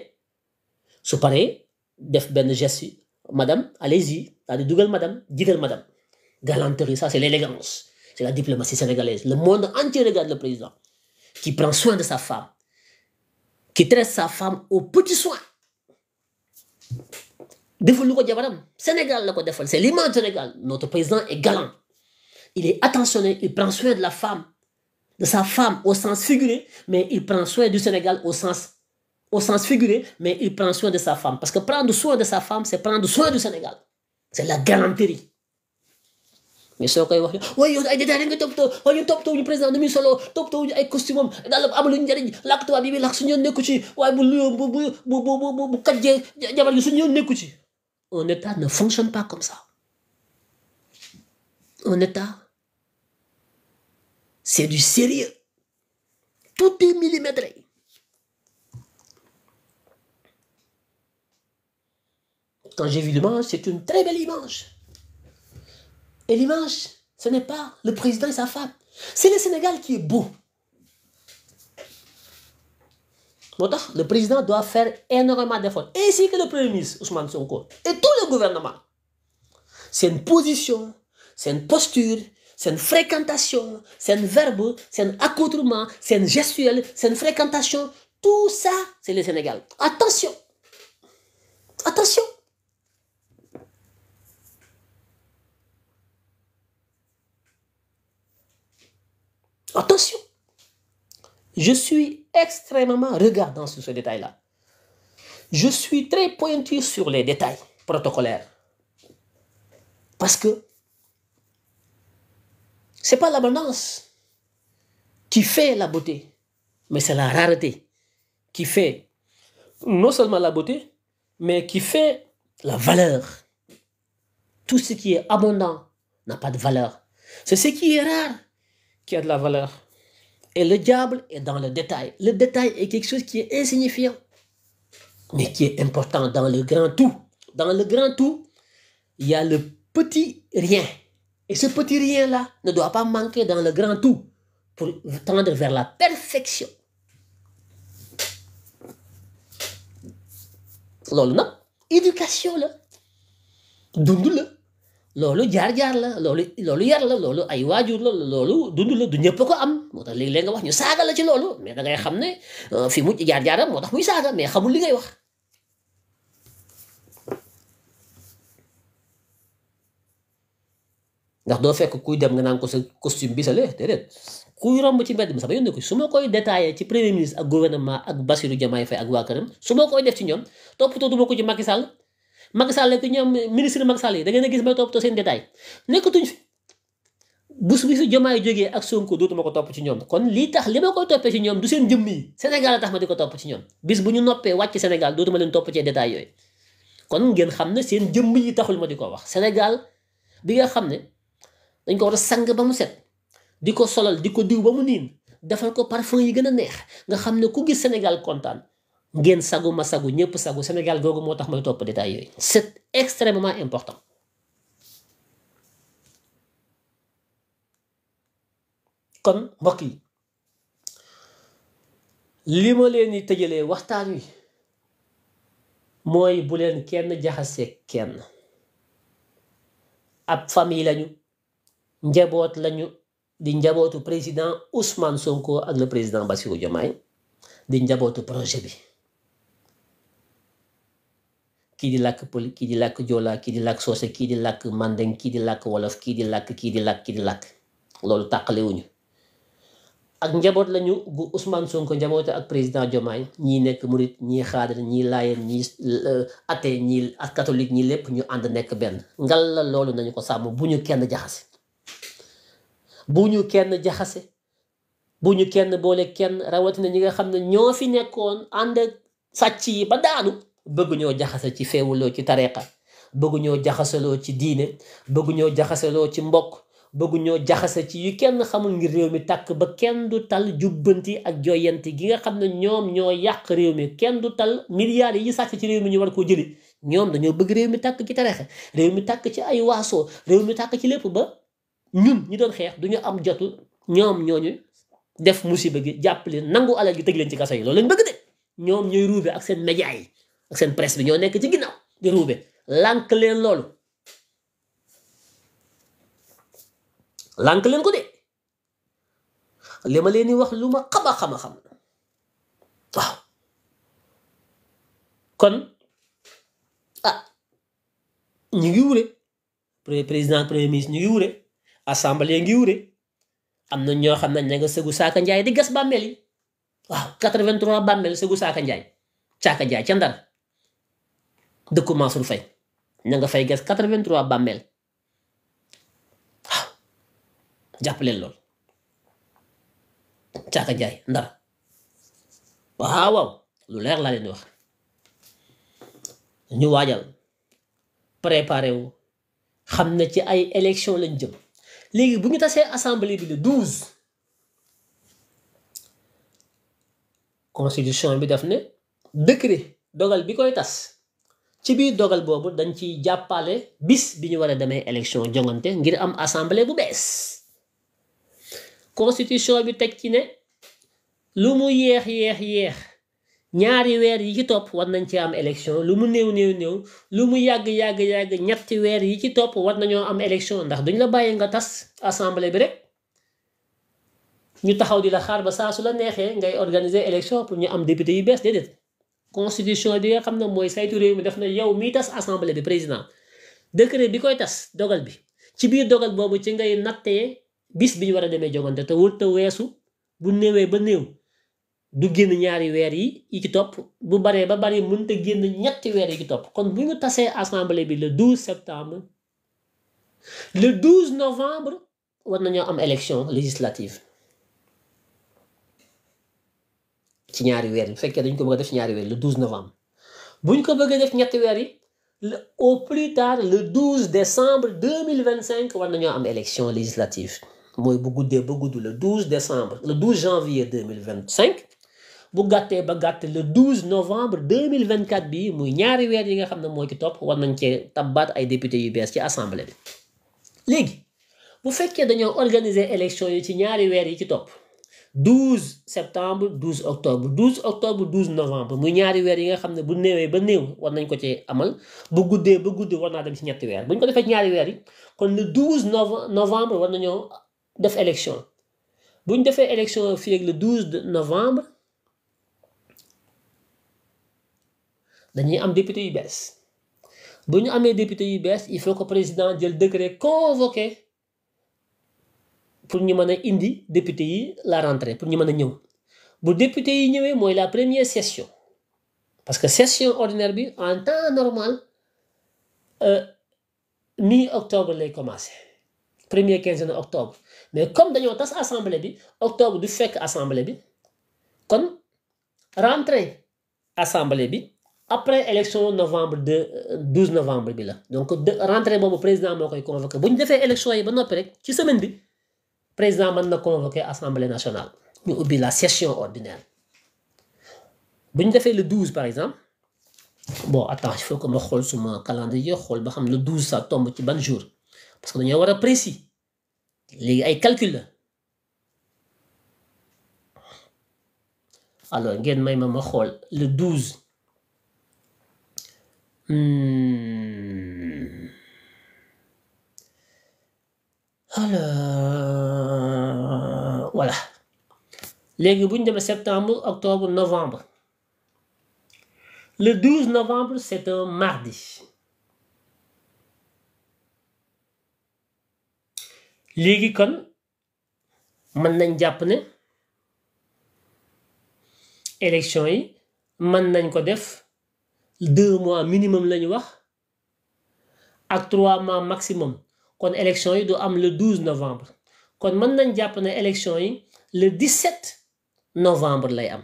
su paree def benn geste Madame allez-y daal di dugal Madame jiital Madame galanterie ça c'est l'élégance c'est la diplomatie sénégalaise le monde entier regarde le président qui prend soin de sa femme, qui traite sa femme au petit soin. deful lu ko jabaram ko defal c'est l'image Sénégal notre président est galant il est attentionné il prend soin de la femme sa femme au sens figuré mais il prend soin du Sénégal au sens au sens figuré mais il prend soin de sa femme parce que prendre soin de sa femme c'est prendre soin du Sénégal c'est la galanterie mais soo koy wax waaye yow ay détails nga toppatoo waaye ñun toppatoo ñu président nu muy solo toppatoo ñu ay costume am daal amaluñu njëriñ làkk tubaab ah, yi bi làkk suñu yoon nekku ci waaye bu luyoo bu bu bu bu bu kàjjee jabar gi suñu yoon nekku ci un état ne fonctionne pas comme ça un état c'est du sérieux tout est quand j'ai vu l'image c'est une très belle image Et l'image, ce n'est pas le président et sa femme. C'est le Sénégal qui est beau. Le président doit faire énormément d'efforts, ainsi que le Premier ministre Ousmane Sonko et tout le gouvernement. C'est une position, c'est une posture, c'est une fréquentation, c'est un verbe, c'est un accoutrement, c'est une gestuelle, c'est une fréquentation. Tout ça, c'est le Sénégal. Attention! Attention, je suis extrêmement regardant sur ce détail-là. Je suis très pointu sur les détails protocolaires. Parce que c'est pas l'abondance qui fait la beauté, mais c'est la rareté qui fait non seulement la beauté, mais qui fait la valeur. Tout ce qui est abondant n'a pas de valeur. C'est ce qui est rare qui a de la valeur. Et le diable est dans le détail. Le détail est quelque chose qui est insignifiant, mais qui est important dans le grand tout. Dans le grand tout, il y a le petit rien. Et ce petit rien-là ne doit pas manquer dans le grand tout pour tendre vers la perfection. loolu nag éducation la loolu jaar-jaar la loolu loolu yar la loolu ay waajur la loolu dund la du ñëpp ko am moo tax léegi-léeg nga wax ñu saaga la ci loolu mais dangay xam ne euh, fi mu jaar-jaaram moo tax muy saaga mais xamul li ngay wax ndax doo fekk kuy dem nga ko sa costume bi sa lee déedéet kuy romb ci mbedd mi sama yónne ko su ma koy détaillé ci premier ministre ak gouvernement ak Bassirou Diomaye Faye ak waa këram su ma koy def ci ñoom toppatoo du ko ci Macky Sall Macky Sall ak ñoom ministre Macky Sall yi da ngeen a ma may toppatoo seen détail nekkatuñ fi bu su fi Diomaye jógee ak Sonko dootuma ko topp ci ñoom kon lii tax li ma koy toppee ci ñoom du seen jëmm yi Sénégal a tax ma di ko topp ci ñoom bis bu ñu noppee wàcc Sénégal dootuma leen topp ci détail yooyu kon ngeen xam ne seen jëmm yi taxul ma di ko wax Sénégal bi nga xam ne dañ ko war a sang ba mu set di ko solal di ko diw ba mu niin defal ko parfum yi gën a neex nga xam ne ku gis Sénégal kontaan ngeen sagu ma sagu ñëpp sagu Sénégal googu moo tax may topp détail yooyu c'est extrêmement important kon mbokk yi li ma leen di tëjalee waxtaan wi mooy bu leen kenn jaxase kenn ab famille lañu njaboot lañu di njabootu président Ousmane Sonko ak le président Bassirou Diomaye di njabootu projet bi kii di làkk pël kii di làkk joolaa kii di làkk soose kii di làkk mandeng kii di làkk wolof kii di làkk kii di làkk kii di làkk loolu tàqalewuñu ak njaboot lañu gu Ousmane Sonko njaboote ak président Diomaye ñii nekk murit ñii xaadir ñii laayeen ñii euh, athée ñii katolik catholique ñii lépp ñu ànd nekk benn ngal la loolu nañu ko sàmm bu ñu kenn jaxase bu ñu kenn jaxase bu ñu kenn boole kenn rawatina ñi nga xam ne ñoo fi nekkoon ànd sàcc yi ba daanu bëgg ñoo jaxase ci feewuloo ci tariqa bëgg ñoo jaxasaloo ci diine bëgg ñoo jaxasaloo ci mbokk bëgg ñoo jaxase ci yu kenn xamul ngir réew mi tàkk ba kenn du tal jubbanti ak joyanti gi nga xam ne ñoom ñoo yàq réew mi kenn du tal milliards yi sàcc ci réew mi ñu war koo jëli ñoom dañoo bëgg réew mi tàkk ci tarixa réew mi tàkk ci ay waaso réew mi tàkk ci lépp ba ñun ñi doon xeex duñu am jotu ñoom ñooñu def musiba gi jàpp leen nangu alal gi tëj leen ci kaso yi loolu lañ bëgg de ñoom ñooy ruube ak seen média yi ak seen presse bi ñoo nekk ci ginnaaw di ruube lànk leen loolu lànk leen ko de li ma leen di wax lu ma xama xama xam waaw kon ah ñu ngi wure premier président premier ministre ñu ngi wure assemblée ngi wure am na ñoo xam ne ña nga sëgu saaka njaay di gas bàmmeel yi waaw 83 bàmmeel sëgu saaka njaay saaka njaay ca dëkku Mansour Faye ñu nga fay ges 83 bàmmeel waaw jàppaleen lool caaka jaay ndar waaw waaw lu leer laa leen wax ñu waajal préparé wu xam ne ci ay élection lañ jëm léegi bu ñu tasee assemblée bi le 12 constitution bi daf ne décret dogal bi koy tas ci biir dogal boobu dañ ci jàppale bis bi ñu war a demee élection jongante ngir am assemblée bu bees constitution bi teg ci ne lu mu yéex yéex yéex ñaari weer yi ci topp war nañ ci am élection lu mu néew néew néew lu mu yàgg yàgg yàgg ñetti weer yi ci topp war nañoo am élection ndax duñ la bàyyi nga tas assemblée bi rek ñu taxaw di la xaar ba saa su la neexee ngay organiser élection pour ñu am député yi bees constitution bi nga xam ne mooy saytu réew mi def na yow miy tas assemblée bi président décret bi koy tas dogal bi ci biir dogal boobu ci ngay nattee bis bi ñu war a demee jogante te wut weesu bu néewee ba néew du génn ñaari weer yi yi ci topp bu baree ba bari mun a génn ñetti weer yi ci topp kon bu ñu tasee assemblée bi le 12 septembre le 12 novembre war nañoo am élection législative. ci ñaari weer yi bu fekkee dañ ko bëgg def ci ñaari weer le 12 novembre buñ ko bëgg a def ñetti weer yi au plus tard le 12 décembre 2025 war nañoo am élection législative mooy bu guddee ba gudd le 12 décembre le 12 janvier 2025 bu gàttee ba gàtt le 12 novembre 2024 bi muy ñaari weer yi nga xam ne moo ci topp war nañ cee tabbaat ay député yu bees ci assemblée bi léegi bu fekkee dañoo organiser élection yi ci ñaari weer yi ci topp 12 septembre 12 octobre 12 octobre 12 novembre mu ñaari weer yi nga xam ne bu néewee ba néew war nañ ko ci amal bu guddee bu guddee war naa dem ci ñetti weer bu ko defee ñaari weer yi kon le 12 novembre war nañoo def élection buñ defee élection fi ak le 12 novembre dañuy am député yu bees bu ñu amee député yu bees il faut que président jël décret convoqué. pour ñu mën a indi député yi la rentrée pour ñu mën a ñëw bu député yi ñëwee mooy la première session parce que session ordinaire bi en temps normal euh, mi octobre lay commencé premier quinzaine octobre mais comme dañoo tas assemblée bi octobre du fekk assemblée bi kon rentrée assemblée bi après élection novembre de 12 euh, novembre bi la donc de rentrée boobu président moo koy convoqué bu ñu defee élection yi ba noppi rek ci semaine bi. président man na convoquer assemblée national ñu ubbi la session ordinaire bu ñu defee le 12 par exemple bon attends il faut que ma xool suma calendrier xool ba xam le 12 ça tombe ci ban jour parce que dañoo war a précis léegi ay calcul la ngeen may ma ma xool le 12 voilà léegi buñ demee septembre octobre novembre le 12 novembre c'est un mardi léegi kon mën nañ jàpp ne élection yi mën nañ ko def deux mois minimum la ñu wax ak trois mois maximum kon élection yi du am le 12 novembre kon mën nañ jàpp ne élection yi le 17 novembre lay am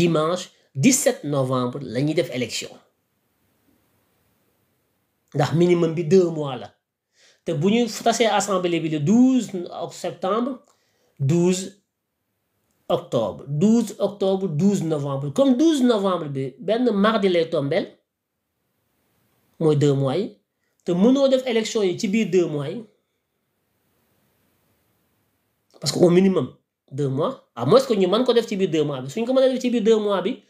dimanche 17 novembre la ñuy def élection ndax minimum bi deux mois la te bu ñu tasee assemblée bi le 12 septembre 12 octobre 12 octobre 12 novembre comme 12 novembre bi benn mardi lay tombeel mooy deux mois yi te mënoo def élection yi ci biir deux mois yi parce que au minimum deux mois à moins que ñu mën ko def ci biir deux mois bi suñ ko mën a ci biir deux mois bi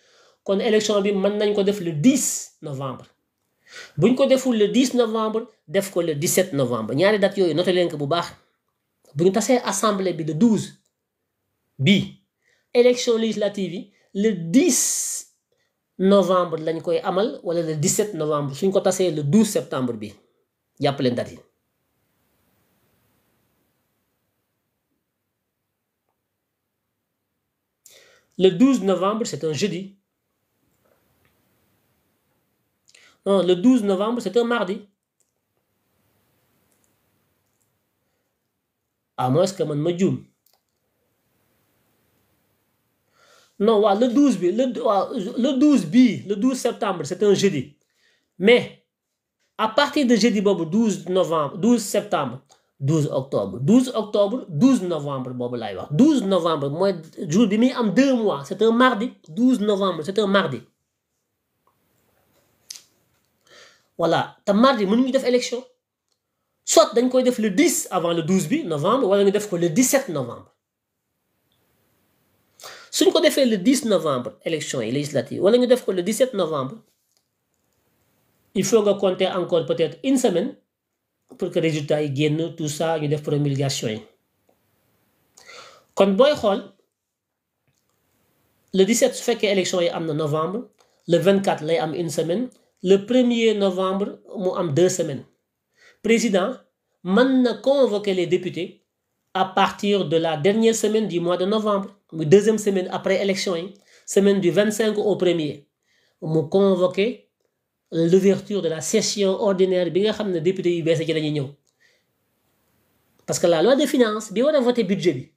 kon élection bi mën nañ ko def le 10 novembre buñ ko deful le dix novembre def ko le 17 novembre ñaari dat yooyu noté leen ko bu baax bu ñu tasee assemblée bi le 12 bii élection législative yi le 10 novembre lañ koy amal wala le 17 novembre suñ ko tasee le 12 septembre bi jàpp leen le 12 novembre c'est un jeudi non le 12 novembre c'est un mardi à moins que man ma juum non waaw le 12 bi le waaw le 12 bii le 12 septembre c'est un jeudi mais à partir de jeudi boobu 12 novembre 12 septembre 12 octobre 12 octobre douze novembre boobu laay wax douze novembre mois jour bi mi am deux mois c'est un mardi 12 novembre c'est un mardi voilà te mardi mënuñu def élection soit dañ koy def le 10 avant le 12 bi novembre wala ñu def ko le sept novembre suñ ko defee le 10 novembre élection yi législative wala ñu def ko le 17 novembre il faut nga compter encore peut-être une semaine pour que résultat yi génn tout ça ñu def promulgation yi kon booy xool le 17 su fekkee élection yi am na novembre le 24 lay am une semaine le 1er novembre mu am deux semaines président man na convoquer les députés à partir de la dernière semaine du mois de novembre mu deuxième semaine après élection yi semaine du 25 au premier mu convoquer l'ouverture de la session ordinaire bi nga xam ne député yu bees ci dañuy ñëw parce que la loi de finance bi war a voté budget bi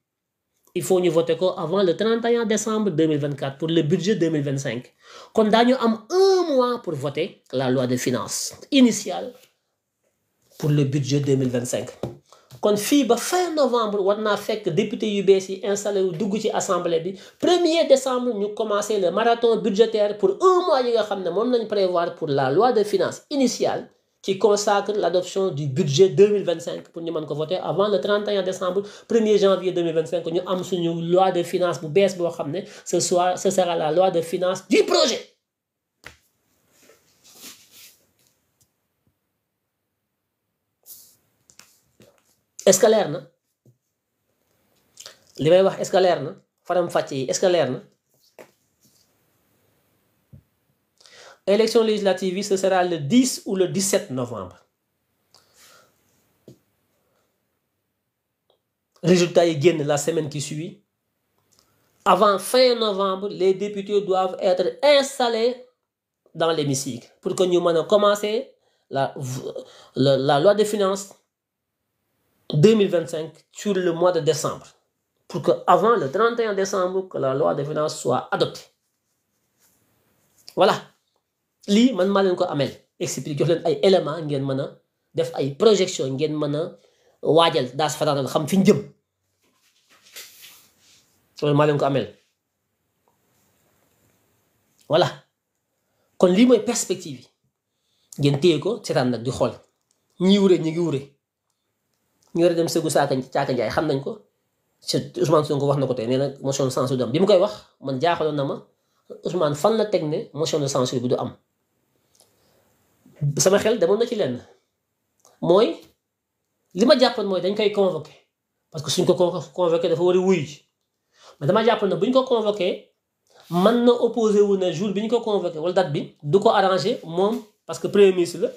il faut ñu voté ko avant le 31 décembre 2024 pour le budget 2025 kon daañu am un mois pour voter la loi de finance initiale pour le budget 2025 kon fii ba fin novembre war naa fekk député yu bees yi installé wu dugg ci assemblée bi premier décembre ñu commencé le marathon budgétaire pour un mois yi nga xam ne moom lañ prévoir pour la loi de finances initiale qui consacre l'adoption du budget 2025 pour ñu mën ko voter avant le 31 décembre 1er janvier 2025 ñu am suñu loi de finances bu bees boo xam ne ce soit ce sera la loi de finances du projet est-ce que leer na li may wax est na faram fàcce yi est-ce que leer na élection législative yi ce sera le ou le novembre résultat yi génn la semaine qui suit avant fin novembre les députés doivent être installés dans l'hémicycle pour que ñu mën a commencer la la loi de finances 2025 sur le mois de décembre pour que avant le 31 décembre que la loi de finances soit adoptée voilà lii man maa leen ko ameel explique jox leen ay éléments ngeen mën a def ay projection ngeen mën a waajal daas fataanal xam fi ñu jëm loolu maa leen ko ameel voilà kon lii mooy perspective yi ngeen téye ko seetaan nag di xool ñii wure ñi ngi wure ñu war a dem sëggu saaka njaay xam nañ ko Ousmane Sonko wax na ko tey nee na motion de censure du am bi wax man jaaxaloon na ma Ousmane fan la teg ne motion de censure bi du am sama xel demoon na ci lenn mooy li ma jàppan mooy dañ koy convoqué parce que suñ ko convoqué dafa war a wuy mais dama jàppoon ne bu ñu ko convoqué man na opposé wu ne jour bi ñu ko convoqué wala date bi du ko arrangé moom parce que premier ministre la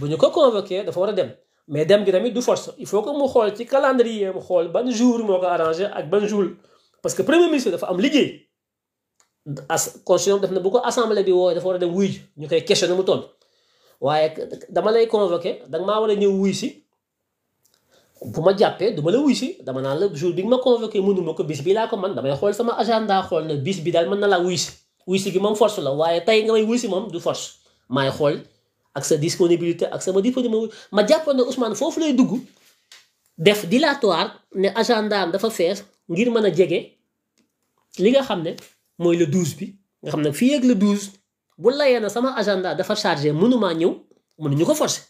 bu ñu ko convoqué dafa war a dem mais dem gi tamit du force il faut que mu xool ci calendrier mu xool ban jour moo ko arrangé ak ban jour parce que premier ministre dafa am liggéey as constitution def na bu ko assemblée bi wooye dafa war a dem wuy ñu koy questionné mu toll waaye dama lay convoqué danga maa war a ñëw wuy si bu ma jàppee du ma la wuy si dama naan la jour bi nga ma convoqué mënu ma ko bis bi laa ko man damay xool sama agenda xool na bis bi daal mën na laa wuy si wuy si gi moom force la waaye tey nga may wuy si moom du force maay xool ak sa disponibilité ak sama disponibilité ma jàppoon ne Ousmane foofu lay dugg def dilatoire ne agendaam dafa fees ngir mën a jege li nga xam ne mooy le 12 bi nga xam ne fii ak la 12 bu layee na sama agenda dafa chargé mënumaa ñëw mënuñu ko forcer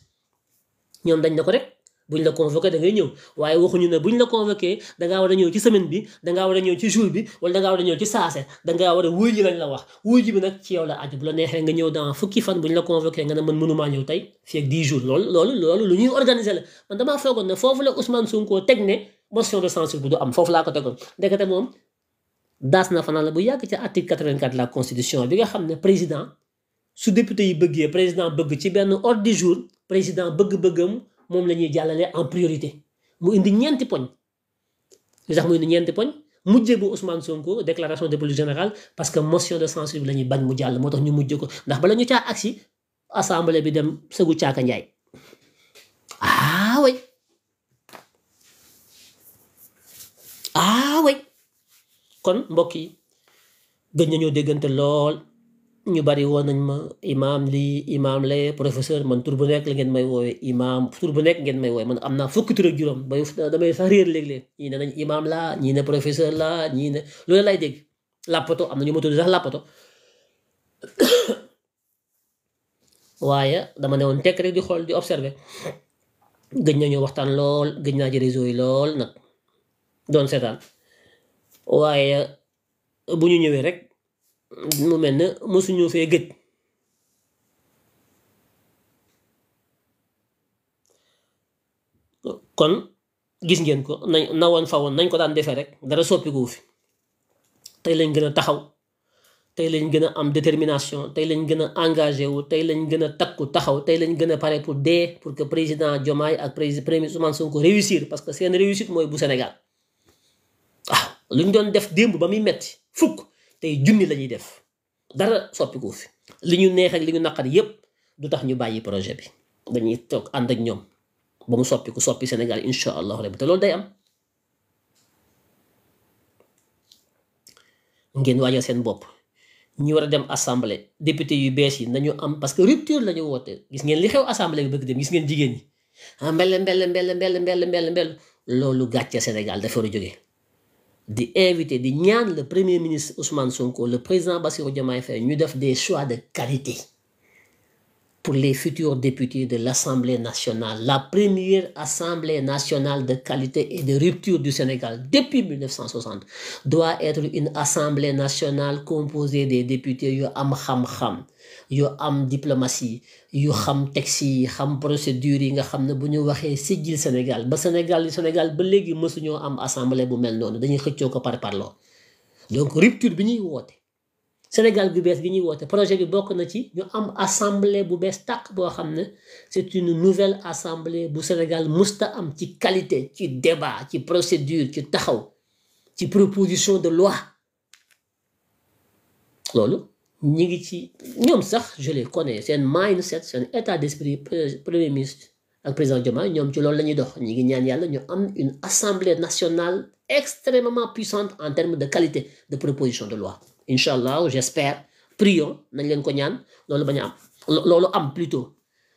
ñoom dañ na ko rek buñ la convoqué da ngay ñëw waaye waxuñu ne buñ la convoqué da war a ñëw ci semaine bi da war a ñëw ci jour bi wala da war a ñëw ci saase da war a wuy ji lañ la wax wuy ji bi nag ci yow la aju bu la neexee nga ñëw dans fukki fan buñ la convoqué nga ne man mënumaa ñëw tey fii ak 10 jours loolu loolu lu ñuy organiser la man damaa foogoon ne foofu la Ousmane Sonko teg ne motion de censure bi du am foofu laa ko tegoon ndekete bu yàgg ci article 84 de la constitution bi nga xam ne président su député yi bëggee président bëgg ci benn ordre du président bëgg-bëggam moom la ñuy jàllale en priorité mu indi ñeenti poñ li tax mu indi ñeenti poñ mujjee bu Ousmane Sonko déclaration de politique générale parce que motion de censure bi la bañ mu jàll moo tax ñu mujj ko ndax bala ñu caa agsi assemblée bi dem sëgu caaka njaay ah, ah oui kon mbokk yi gëj nañoo déggante lool. ñu bari woon nañ ma imaam lii imaam lee professeur man tur bu nekk la ngeen may woowee imaam tur bu nekk ngeen may woowee man am naa fukki tur juróom bay damay sax réer léeg-léeg ñii ne nañ imaam laa ñii ne professeur laa ñii ne loolu lay dégg làppato am na ñu ma tudd sax làppato waaye dama ne woon tekk rek di xool di observer gëj nañu waxtaan lool gëj naa ci réseau yi lool nag doon seetaan waaye bu ñu ñëwee rek mu mel ne mosuñu fee gëj kon gis ngeen ko na woon fa woon nañ ko daan defee rek dara soppikuwu fi tey lañ gën a taxaw tey lañ gën a am détermination tey lañ gën a engagé wu tey lañ gën a takku taxaw tey lañ gën a pare pour dee pour que président jomaay ak président premier Ousmane ko réussir parce que seen réussite mooy bu Sénégal waaw lu doon def démb ba muy metti fukk ay junni lañuy def dara soppiku fi li ñu neex ak li ñu naqar yépp du tax ñu bàyyi projet bi dañuy toog ànd ak ñoom ba mu soppiku soppi Sénégal incha allahu rabbi te loolu day am ngeen waajal seen bopp ñi war a dem assemblée député yu bees yi nañu am parce que rupture la ñu woote gis ngeen li xew assemblée bi bëgg dem gis ngeen jigéen ñi ah mbel mbel mbel mbel mbel mbel mbel loolu gàcce Sénégal dafa war a jógee di invité di ñaan le premier ministre Ousmane Sonko le président Bassirou Diomaye Faye ñu def des choix de qualité pour les futurs députés de l'Assemblée nationale la première Assemblée nationale de qualité et de rupture du Sénégal depuis 1960 doit être une Assemblée nationale composée des députés yu am xam-xam yu am diplomatie yu xam texte yi xam procédure yi nga xam ne bu ñu waxee siggil Sénégal ba Sénégal Sénégal ba léegi mësuñoo am assemblée bu mel noonu dañuy xëccoo ko par parloo donc rupture bi ñuy woote Sénégal bu bees bi ñuy woote projet bi bokk na ci ñu am assemblée bu bees tàq boo xam ne c'est une nouvelle assemblée bu Sénégal musta am ci qualité ci débat ci procédure ci taxaw ci proposition de loi loolu ñi ngi ci ñoom sax je les connais seen mindset seen état d'esprit premier ministre ak président Diomaye ñoom ci loolu la ñuy dox ñi ngi ñaan yàlla ñu am une assemblée nationale extrêmement puissante en termes de qualité de proposition de loi incha allah j'espère prions nañ leen ko ñaan loolu bañ a am loolu am plutôt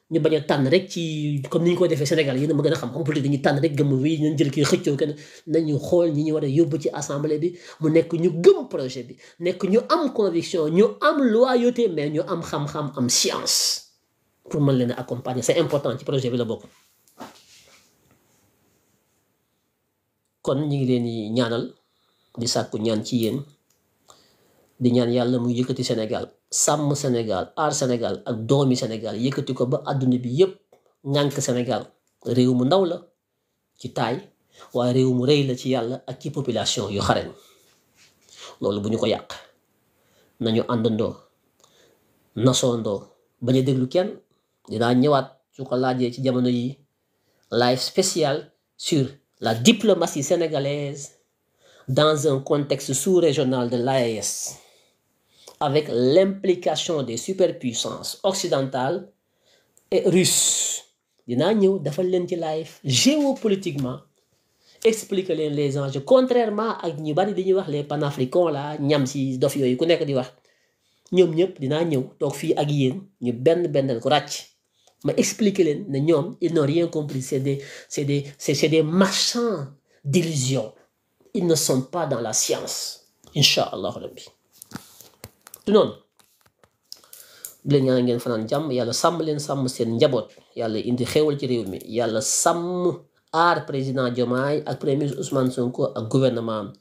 ñu bañ tànn rek ci comme ni ñu ko defee Sénégal yéen a ma gën a xam am politique dañuy tànn rek gëm wi nañ jël kii xëccoo kenn nañu xool ñi ñu war a yóbbu ci assemblée bi mu nekk ñu gëm projet bi nekk ñu am conviction ñu am loyauté mais ñu am xam-xam am science pour mën leen a accompagner c'est important ci projet bi la bokk. kon ñu ngi leen di ñaanal di sàkku ñaan ci yéen di ñaan yàlla mu yëkkati Sénégal. sàmm Sénégal aar Sénégal ak doomi Sénégal yëkkati ko ba àdduna bi yëpp ñànk Sénégal réew mu ndaw la ci taay waaye réew mu rëy la ci yàlla ak ci population yu xarañ loolu bu ñu ko yàq nañu àndandoo nasoondoo bañu a déglu kenn dinaa ñëwaat su ko laajee ci jamono yi live spécial sur la diplomatie sénégalaise dans un contexte sous-régional de l'AES avec l'implication des superpuissances occidentales et russes dinaa ñëw dafa leen ci live géopolitiquement explique leen les enjeux contrairement ak ñi bari di ñuy wax les panafricains la ñam si dof yooyu ku nekk di wax ñoom ñëpp dinaa ñëw toog fii ak yéen ñu benn benn ko ràcc ma expliquer leen ne ñoom ils n'ont rien compris c'est des c'est des c'est des marchands d'illusions ils ne sont pas dans la science incha allahu rabbi du noonu di leen ñaan ngeen fanaan jàmm yàlla sàmm leen sàmm seen njaboot yàlla indi xéewal ci réew mi yàlla sàmm aar président Diomaye ak premier ministre Ousmane Sonko ak gouvernement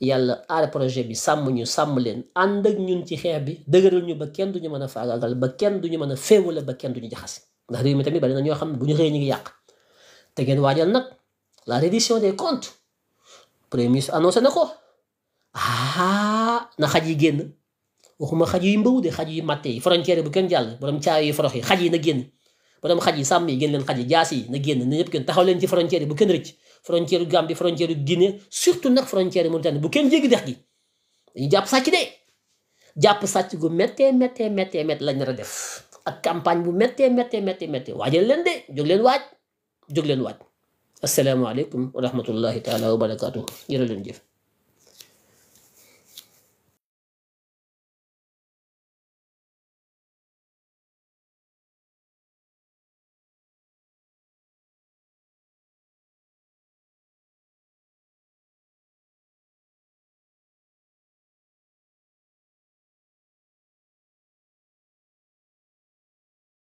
yàlla aar projet bi sàmm ñu sàmm leen ànd ak ñun ci xeex bi dëgëral ñu ba kenn du ñu mën a faagaagal ba kenn du ñu mën a féewale ba kenn du ñu jaxase ndax réew mi tamit bari na ñoo xam ne bu ñu xëyee ñu ngi yàq te ngeen waajal nag la reddition de comptes premier ministre annoncé ko ah yi génn. waxuma xaj yi mbaw de xaj yi matte yi frontière bu kenn jàll borom caayo yi forox yi xaj yi na génn borom xaj yi sàmm yi génn leen xaj yi jaas yi na génn na ñëpp kenn taxaw leen ci frontière yi bu kenn rëcc frontière yu Gambie frontière yu surtout nag frontière yu Mauritanie bu kenn jéggi dex gi dañu jàpp sàcc de jàpp sàcc gu méttee méttee méttee lañ nar a def ak campagne bu méttee méttee méttee méttee waajal leen de jóg leen waaj jóg leen waaj asalaamaaleykum wa rahmatullahi taala wa barakaatu leen jëf